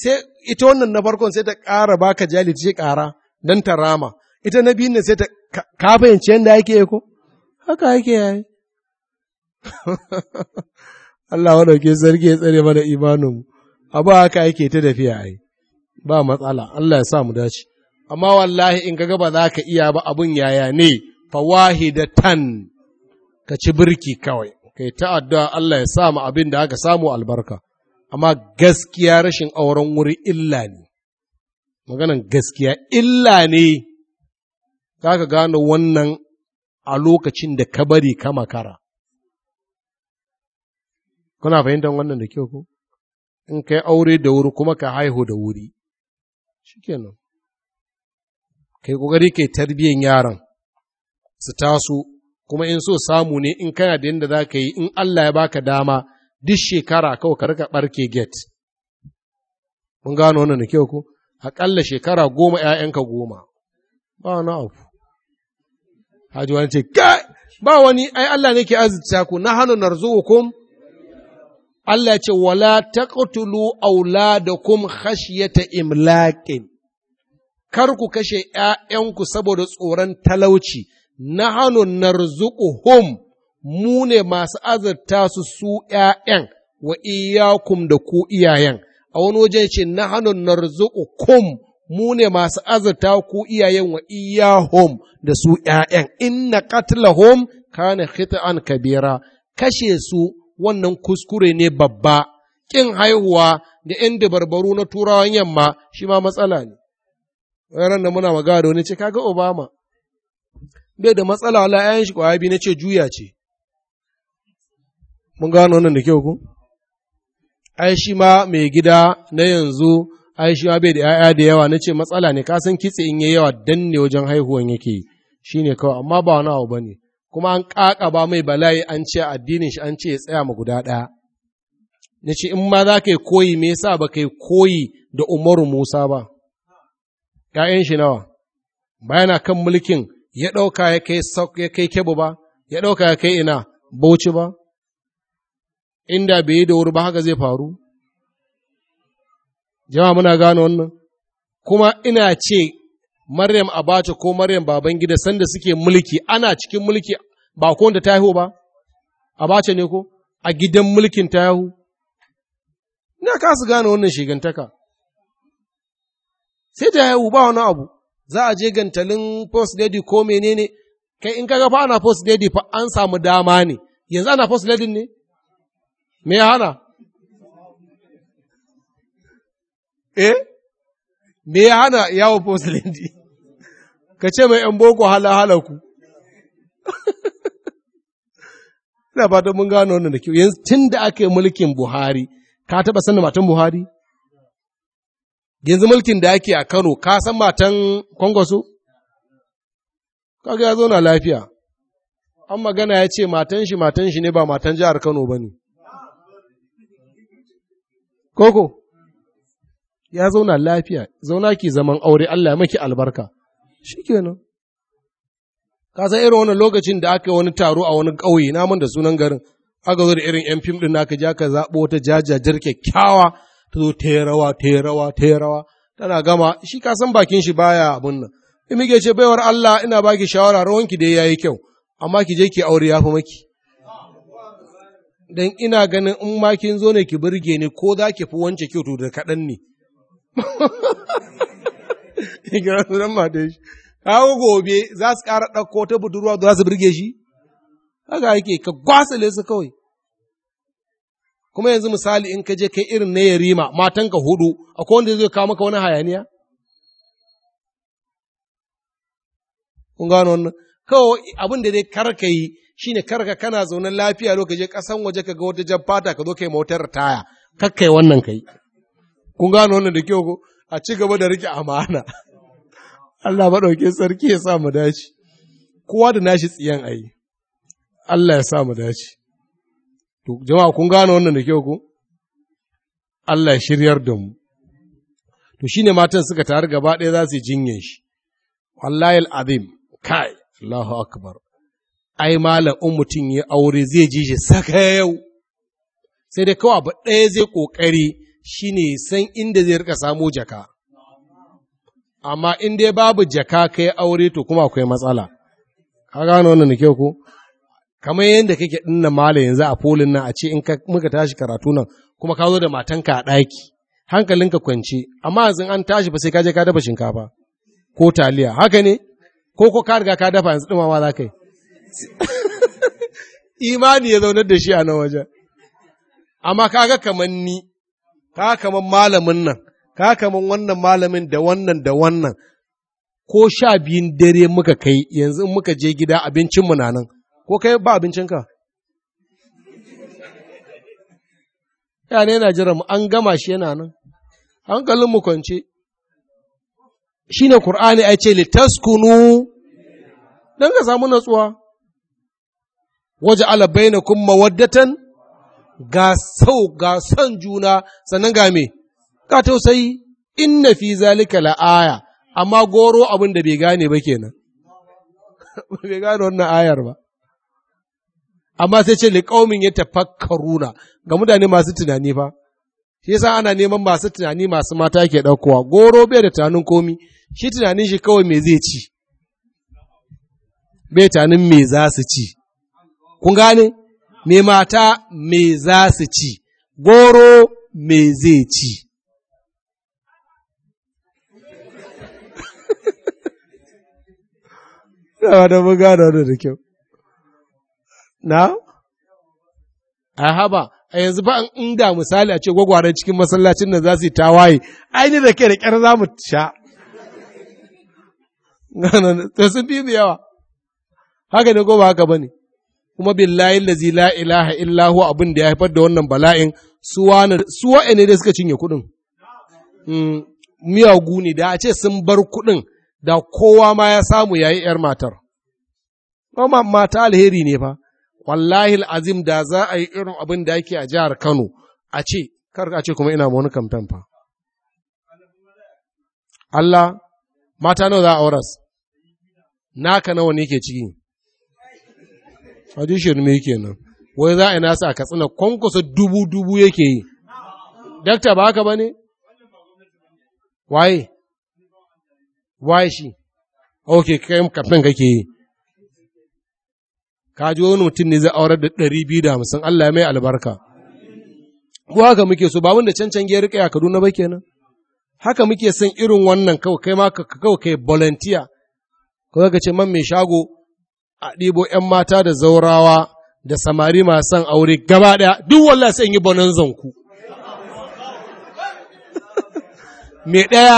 sai ita wannan na farkon sai ta ƙara baka jali ce ƙara don ta rama ita na biyun sai ta ka fahimci yadda ake ko haka ake yayi Allah wa dauke zargi ya tsare mana imanin abu haka yake ta tafiya ai ba matsala Allah ya sa mu dace amma wallahi in ka ba za ka iya ba abun yaya ne fawahidatan ka ci birki kawai kai ta'adda, Allah ya sa mu abin da aka samu albarka amma gaskiya rashin auren wuri illa ne maganan gaskiya illa ne za ka gane wannan a lokacin da ka bari ka makara. Kuna fahimtar wannan da kyau ko? In kai aure da wuri kuma ka haihu da wuri, shi kenan. Kai ƙoƙari kai tarbiyyar yaran su taso, kuma in so samu ne in kana da yadda za ka yi in Allah ya baka dama duk shekara kawai ka rika ɓarke get. Mun gano wannan da kyau ko? Aƙalla shekara goma ‘ya'yanka goma, ba na abu. Haji wani ce, kai, ba wani, ai Allah ne ke azurta ku, na hannu hukum? Allah ce, wala ta taqtulu auladakum khashyata imlaƙin. Kar ku kashe ‘ya'yanku saboda tsoron talauci, na hannu narzuquhum mu ne masu azurta su su ‘ya'yan wa iyakum da ku iyayen, a wani wajen ce, na hannu narzuqukum mu ne masu azurta ku iyayen wa iyahum da su ’ya'yan, inna qatlahum kana khita'an kabira, kashe su wannan kuskure ne babba, ƙin haihuwa da ‘yan barbaru na turawan yamma shi ma matsala ne. Ran da muna magana da wani ce, kaga Obama, bai da matsala ala ‘ya'yan shi ƙwayabi na ce juya ce. Mun gano wannan da kyau ku? Ai, shi ma mai gida na yanzu ai shi bai da 'ya'ya da yawa na ce matsala ne ka san kitse in yi yawa danne wajen haihuwan yake ne kawai amma ba wani abu bane kuma an ba mai bala'i an ce addinin shi an ce ya tsaya ma guda ɗaya na ce in ma za ka yi koyi me yasa ba ka yi koyi da umaru musa ba ‘ya'yan shi nawa bayana kan mulkin ya ɗauka ya kai kebu ba ya ɗauka ya kai ina bauchi ba inda bai yi da wuri ba haka zai faru Jama muna gano wannan? Kuma ina ce Maryam Abacha ko Maryam gida sanda suke mulki ana cikin mulki ba ko wanda ta haihu ba? Abacha ne ko? A gidan mulkin ta haihu? Ina kasu gano wannan shigantaka. Sai ta haihu ba wani abu, za a je gantalin post lady ko menene kai in kaga fa ana post lady fa an samu dama ne yanzu ana post lady ne me ya hana eh me ya hana yawo din? ka ce mai ‘yan boko hala-hala ku ina fatan mun gano wannan da kyau yanzu tun da aka yi mulkin buhari ka taɓa sanin matan buhari yanzu mulkin da ake a kano ka san matan kwangwaso kaga ya zo na lafiya an magana ya ce matan shi matan shi ne ba matan jihar kano ba ne koko ya zauna lafiya zauna ki zaman aure Allah ya maki albarka shikenan ka san irin wani lokacin da aka yi wani taro a wani ƙauye na mun da sunan garin aka zo da irin yan fim din aka ji ka zaɓo wata jajajar kyakkyawa ta zo ta rawa ta rawa ta rawa tana gama shi ka san bakin shi baya abun nan in muke ce baiwar Allah ina baki shawara ki dai yayi kyau amma ki je ki aure yafi maki dan ina ganin in ma kin zo ne ki burge ni ko za ki fi wance kyautu da kaɗan ne ya shi kawo gobe za su ƙara ɗauko ta budurwa za su birge shi haka yake ka gwasale su kawai kuma yanzu misali in ka je kai irin na yarima matanka hudu a wanda zai kawo maka wani hayaniya kun gano wannan kawai abin da dai karka yi shi ne karka kana zaune lafiya lokaci kasan waje ka ga wata jan fata ka zo kai motar taya kakkai wannan kai Kun gano wannan da kyau ko? A ci gaba da riƙe amana. Allah maɗauke sarki ya sa mu dace. Kowa da nashi tsiyan a yi. Allah ya sa mu dace. To, jama'a kun gano wannan da kyau ko? Allah ya shiryar da mu. To, shi ne matan suka taru gaba ɗaya za su yi jinyan shi. Wallahi al'azim, kai, Allahu Akbar. Ai, malam um mutum ya aure zai ji shi saka yau. Sai dai kawai abu ɗaya zai ƙoƙari Shi ne san inda zai rika samo jaka amma in dai babu jaka kai aure to kuma akwai matsala ka gano wannan da kyau ko kamar yadda kake dinna mala yanzu a polin nan a ce in ka muka tashi karatu nan kuma ka zo da matanka a ɗaki hankalinka kwance amma yanzu an tashi ba sai ka je ka dafa shinkafa ko taliya haka ne ko ko ka riga ka dafa yanzu dumama za ka yi imani ya zaunar da shi a nan wajen amma kaga kamar ni ka kaman malamin nan, ka kaman wannan malamin da wannan da wannan, ko sha biyun dare muka kai yanzu muka je gida abincinmu na nan, ko kai ba abincinka? Yane yana jira mu an gama shi yana nan, hankalinmu kwance. Shi ne Kur'ani ai ce litaskunu don ka samu natsuwa, waje ala bainakum mawaddatan ga sau ga son juna sannan ga me ka tausayi inna fi zalika la'aya amma goro abin da bai gane ba kenan bai gane wannan ayar ba amma sai ce liƙaumin ya tafakkaruna ga mutane masu tunani fa shi yasa ana neman masu tunani masu mata ke ɗaukowa goro bai da tunanin komi shi tunanin shi kawai me zai ci bai tunanin me za su ci kun gane mai mata me za su ci, goro me zai ci. Yawa da mun gano wani da kyau. Na? A haba, a yanzu ba in da misali a ce gwagwaran cikin masallacin nan za su yi tawaye, aini da ke da ƙyar za mu sha. To sun fi yawa. Haka ne ko ba haka ba ne. kuma billahi lazi la ilaha illa huwa abin da ya haifar da wannan bala'in su wa'e ne da suka cinye kuɗin hmm, miyagu ne da a ce sun bar kuɗin da kowa ma ya samu yayi ‘yar matar. Kuma mata alheri ne fa, wallahi azim da za a yi irin abin da yake a jihar Kano, a ce, kar a ce kuma ina wani kamfen fa. Allah, mata nawa za a auras, naka nawa ne ke ciki. ne mai kenan. Wai za a ina sa ka tsina kwankwasa dubu dubu yake yi. Dakta ba haka ba ne? Waye? Waye shi? Ok, kayan kafin kake yi. Ka ji wani mutum ne zai aurar da ɗari biyu da hamsin Allah ya mai albarka. Ko haka muke so, babin da cancan ya kai a Kaduna ba kenan. Haka muke son irin wannan kawai kai ma kawai kai volunteer. ko ga ce man mai shago a ɗibo ‘yan mata da zaurawa da samari masu aure gaba ɗaya duk wallah sai in yi bonon zonku. Me ɗaya,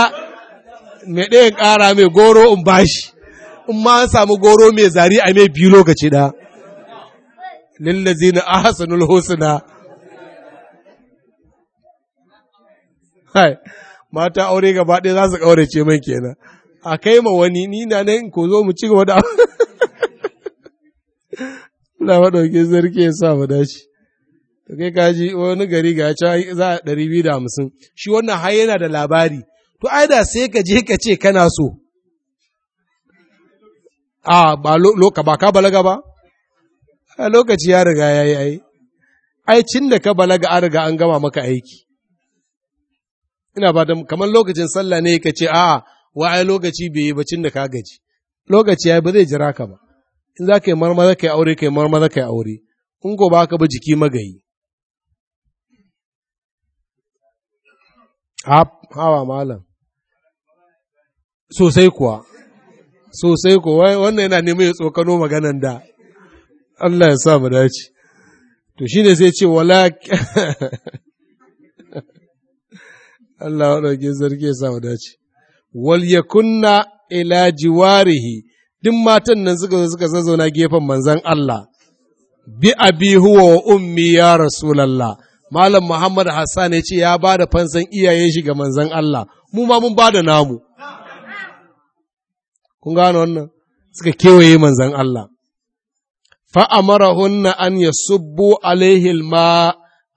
me ɗaya ƙara mai goro in bashi, in ma an samu goro mai zari a mai biyu lokaci ɗa. Lillazi na ahasanul husna. Hai, mata aure gaba ɗaya za su ƙaurace man kenan. A kai ma wani, ni na nan ko zo mu ci gaba da Allah maɗauki zarki ya sa mu dace. To kai kaji wani gari ga can za a ɗari biyu da hamsin, shi wannan har yana da labari, to ai da sai ka je ka ce kana so. A ba loka ba ka balaga ba? A lokaci ya riga ya yi ai. Ai cin da ka balaga an riga an gama maka aiki. Ina ba kamar lokacin sallah ne ka ce a'a wa ai lokaci bai yi ba cin da ka gaji. Lokaci ya ba zai jira ka ba. in za ka yi marmaza ka yi aure ka yi marmaza ka yi aure in ko ba ka ba jiki magayi hawa malam sosai kuwa sosai kuwa wannan yana neman ya tsokano maganan da Allah ya sa mu dace to shine sai ce wala Allah ya dauke zargi ya sa mu dace wal yakunna ila jiwarihi duk matan nan suka zo suka zazzauna gefen manzan Allah bi abi huwa wa ummi ya rasulallah malam Muhammad Hassan ya ce ya ba da fansan iyayen shi ga manzan Allah mu ma mun ba namu kun gano wannan suka kewaye manzan Allah fa amarahunna an yasubbu alaihi alma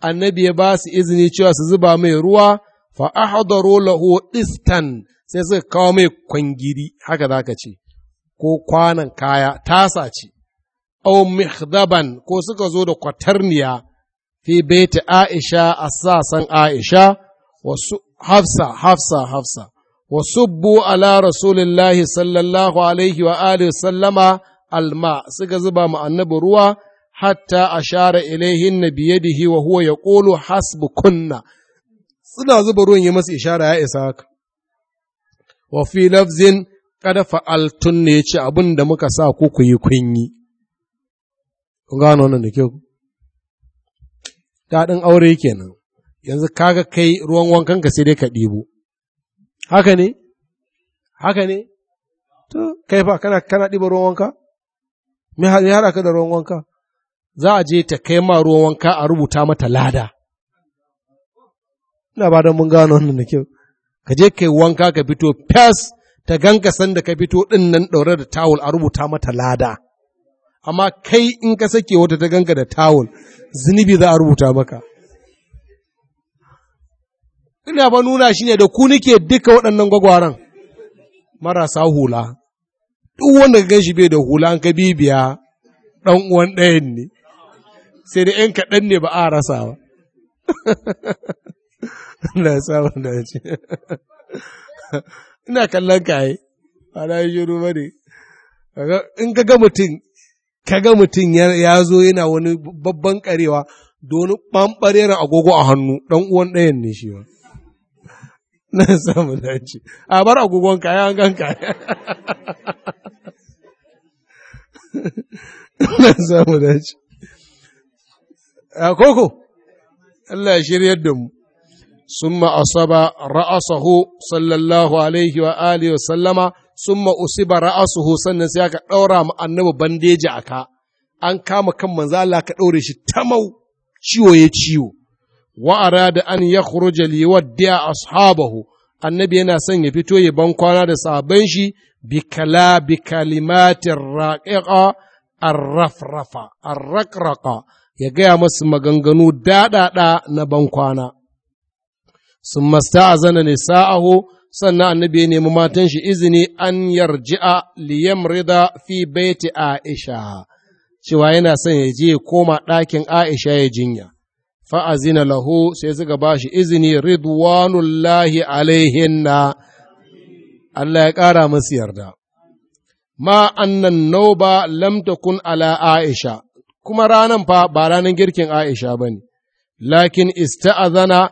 annabi ya ba su izini cewa su zuba mai ruwa fa ahdaru lahu istan sai suka kawo mai kwangiri haka zaka ce ko kwanan kaya tasa ce, au mihdaban ko suka zo da kwatarniya fi baiti Aisha a sasan Aisha wasu hafsa hafsa hafsa wasu bu ala rasulillahi sallallahu alaihi wa alihi sallama alma suka zuba mu annabi ruwa hatta ashara ilaihin na biyadihi wa huwa ya ƙolo hasbu kunna suna zuba ruwan ya masu isara ya isa wa fi lafzin kada fa'altun ne ya ce abin da muka sa ku ku yi kun yi. Kun gano wannan da kyau? Daɗin aure kenan, yanzu kaga kai ruwan wankan ka sai dai ka ɗibo. Haka ne? Haka ne? To, kai fa kana kana ɗiba ruwan wanka? Me haɗa ka da ruwan wanka? Za a je ta kai ma ruwan wanka a rubuta mata lada. Ina ba don mun gano wannan da kyau. Ka je kai wanka ka fito fes ta ganga sanda ka fito ɗin nan ɗaure da tawul a rubuta mata lada. Amma kai in ka sake wata ta ganga da tawul, zunubi za a rubuta maka. Ina ba nuna shi ne da ku nike duka waɗannan gwagwaran marasa hula. Duk wanda ka gan shi bai da hula an ka bibiya ɗan uwan ɗayan ne, sai da ‘yan kaɗan ne ba a rasa ba. Allah sa wanda ce. ina kallon ka yi ba na yi shiru ba ne in ka ga mutum ka ga mutum ya zo yana wani babban karewa don ɓamɓarera agogo a hannu ɗan uwan ɗayan ne shi ba na samu dace a bar agogon ka ya gan ka na samu dace a koko Allah ya shiryar da mu ثم أصاب رأسه صلى الله عليه وآله وسلم ثم أصيب رأسه سنة سياكا أورا أنه بنديج أكا أن كام كم من ذلك أوريش تمو ciwo ya ciwo wa arada an ya khuruja liwaddiya ashabahu annabi yana son ya fito ya ban kwana da sabon shi bi kala bi kalimatin raqiqa arrafrafa ya gaya masu maganganu daɗaɗa na ban sun masta a zana ne sa'ahu sannan annabi ya nemi matan shi izini an yarji'a liyam rida fi baiti aisha cewa yana son ya je koma ɗakin aisha ya jinya na lahu sai suka ba shi izini ridwanullahi alaihinna Allah ya ƙara masu yarda ma annan nauba lam takun ala aisha kuma ranan fa ba ranar girkin aisha bane lakin ista'azana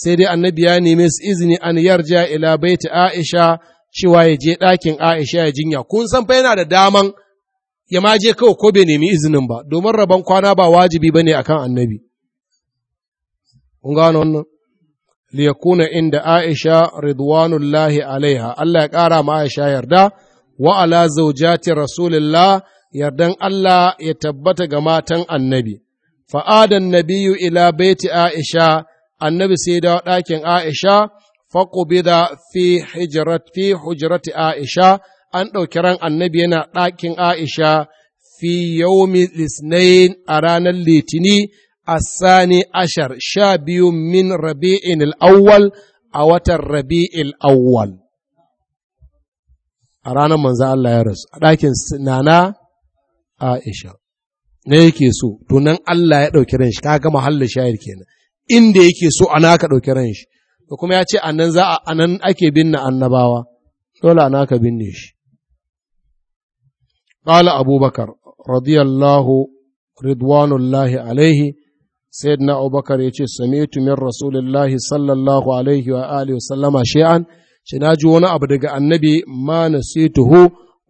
sai dai annabi ya nemi su izini an yarja ila baiti Aisha cewa ya je ɗakin Aisha ya jinya kun san fa yana da daman ya ma je kawai ko bai nemi izinin ba domin rabon kwana ba wajibi ba ne akan annabi kun gano wannan liyakuna inda Aisha ridwanullahi alaiha Allah ya ƙara ma Aisha yarda wa ala zaujati rasulillah yardan Allah ya tabbata ga matan annabi fa'adan nabiyu ila baiti Aisha annabi sai da ɗakin Aisha faƙubida fi hujrati Aisha an ɗauki ran annabi yana ɗakin Aisha fi yaumi lisnain a ranar litini asani ashar sha biyu min rabi'in al'awwal a watan rabi'il awwal a ranar manzo Allah ya rasu a ɗakin nana Aisha ne yake so to nan Allah ya ɗauki ran shi kaga mahallin shayar kenan inda yake so ana ka ɗauki ran shi da kuma ya ce anan za a anan ake binne annabawa dole ana ka binne shi qala abubakar radiyallahu ridwanullahi alaihi abubakar yace sami'tu min Rasulullahi sallallahu alaihi wa alihi sallama she'an, shi na ji wani abu daga annabi ma nasituhu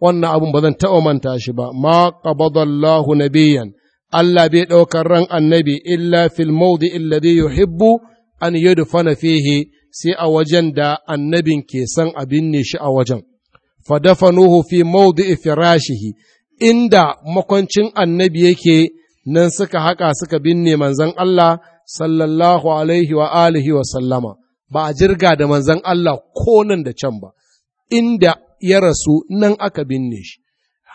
wannan abun ba zan taɓa manta shi ba ma qabadallahu nabiyan, Allah bai ɗaukar ran annabi illa fil maudi alladhi yuhibbu an yudfana fihi sai a wajen da annabin ke san abin ne shi a wajen fadafanuhu fi maudi firashihi inda makwancin annabi yake nan suka haƙa suka binne manzon Allah sallallahu alaihi wa alihi wa sallama ba a jirga da manzon Allah ko nan da can ba inda ya rasu nan aka binne shi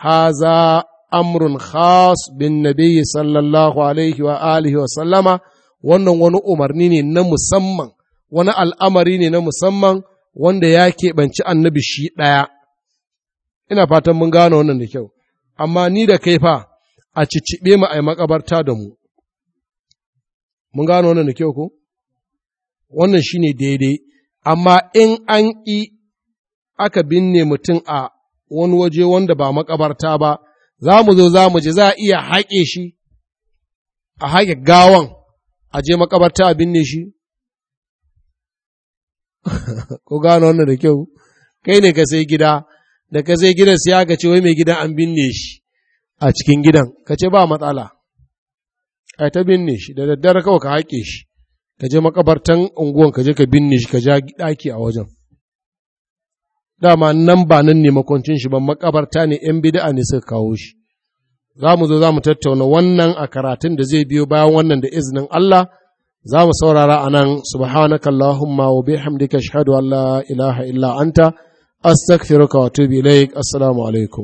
haza amrun khas bin nabiyyi sallallahu alaihi wa alihi wa sallama wannan wani umarni ne na musamman wani al'amari ne na musamman wanda ya keɓanci annabi shi ɗaya ina fatan mun gane wannan da kyau amma ni da kai fa a cicibe mu a yi makabarta da mu mun gane wannan da kyau ko wannan shi ne daidai amma in an ƙi aka binne mutum a wani waje wanda ba makabarta ba za mu zo za mu ji za a iya haƙe shi a haƙe gawan a je makabarta a binne shi ko gano wannan da kyau kai ne ka sai gida da ka sai gidan sai aka ce wai mai gidan an binne shi a cikin gidan ka ce ba matsala a ta binne shi da daddare kawai ka haƙe shi ka je makabartan unguwan ka je ka binne shi ka ja ɗaki a wajen dama nan ba nan ne makwancin shi ba makabarta ne ‘yan bida'a ne suka kawo shi. Za mu zo za mu tattauna wannan a karatun da zai biyo bayan wannan da izinin Allah, za mu saurara a nan, subhanaka Allahumma wa bihamdika shahadu Allah ilaha illa anta, astaghfiruka wa tubi alaikum.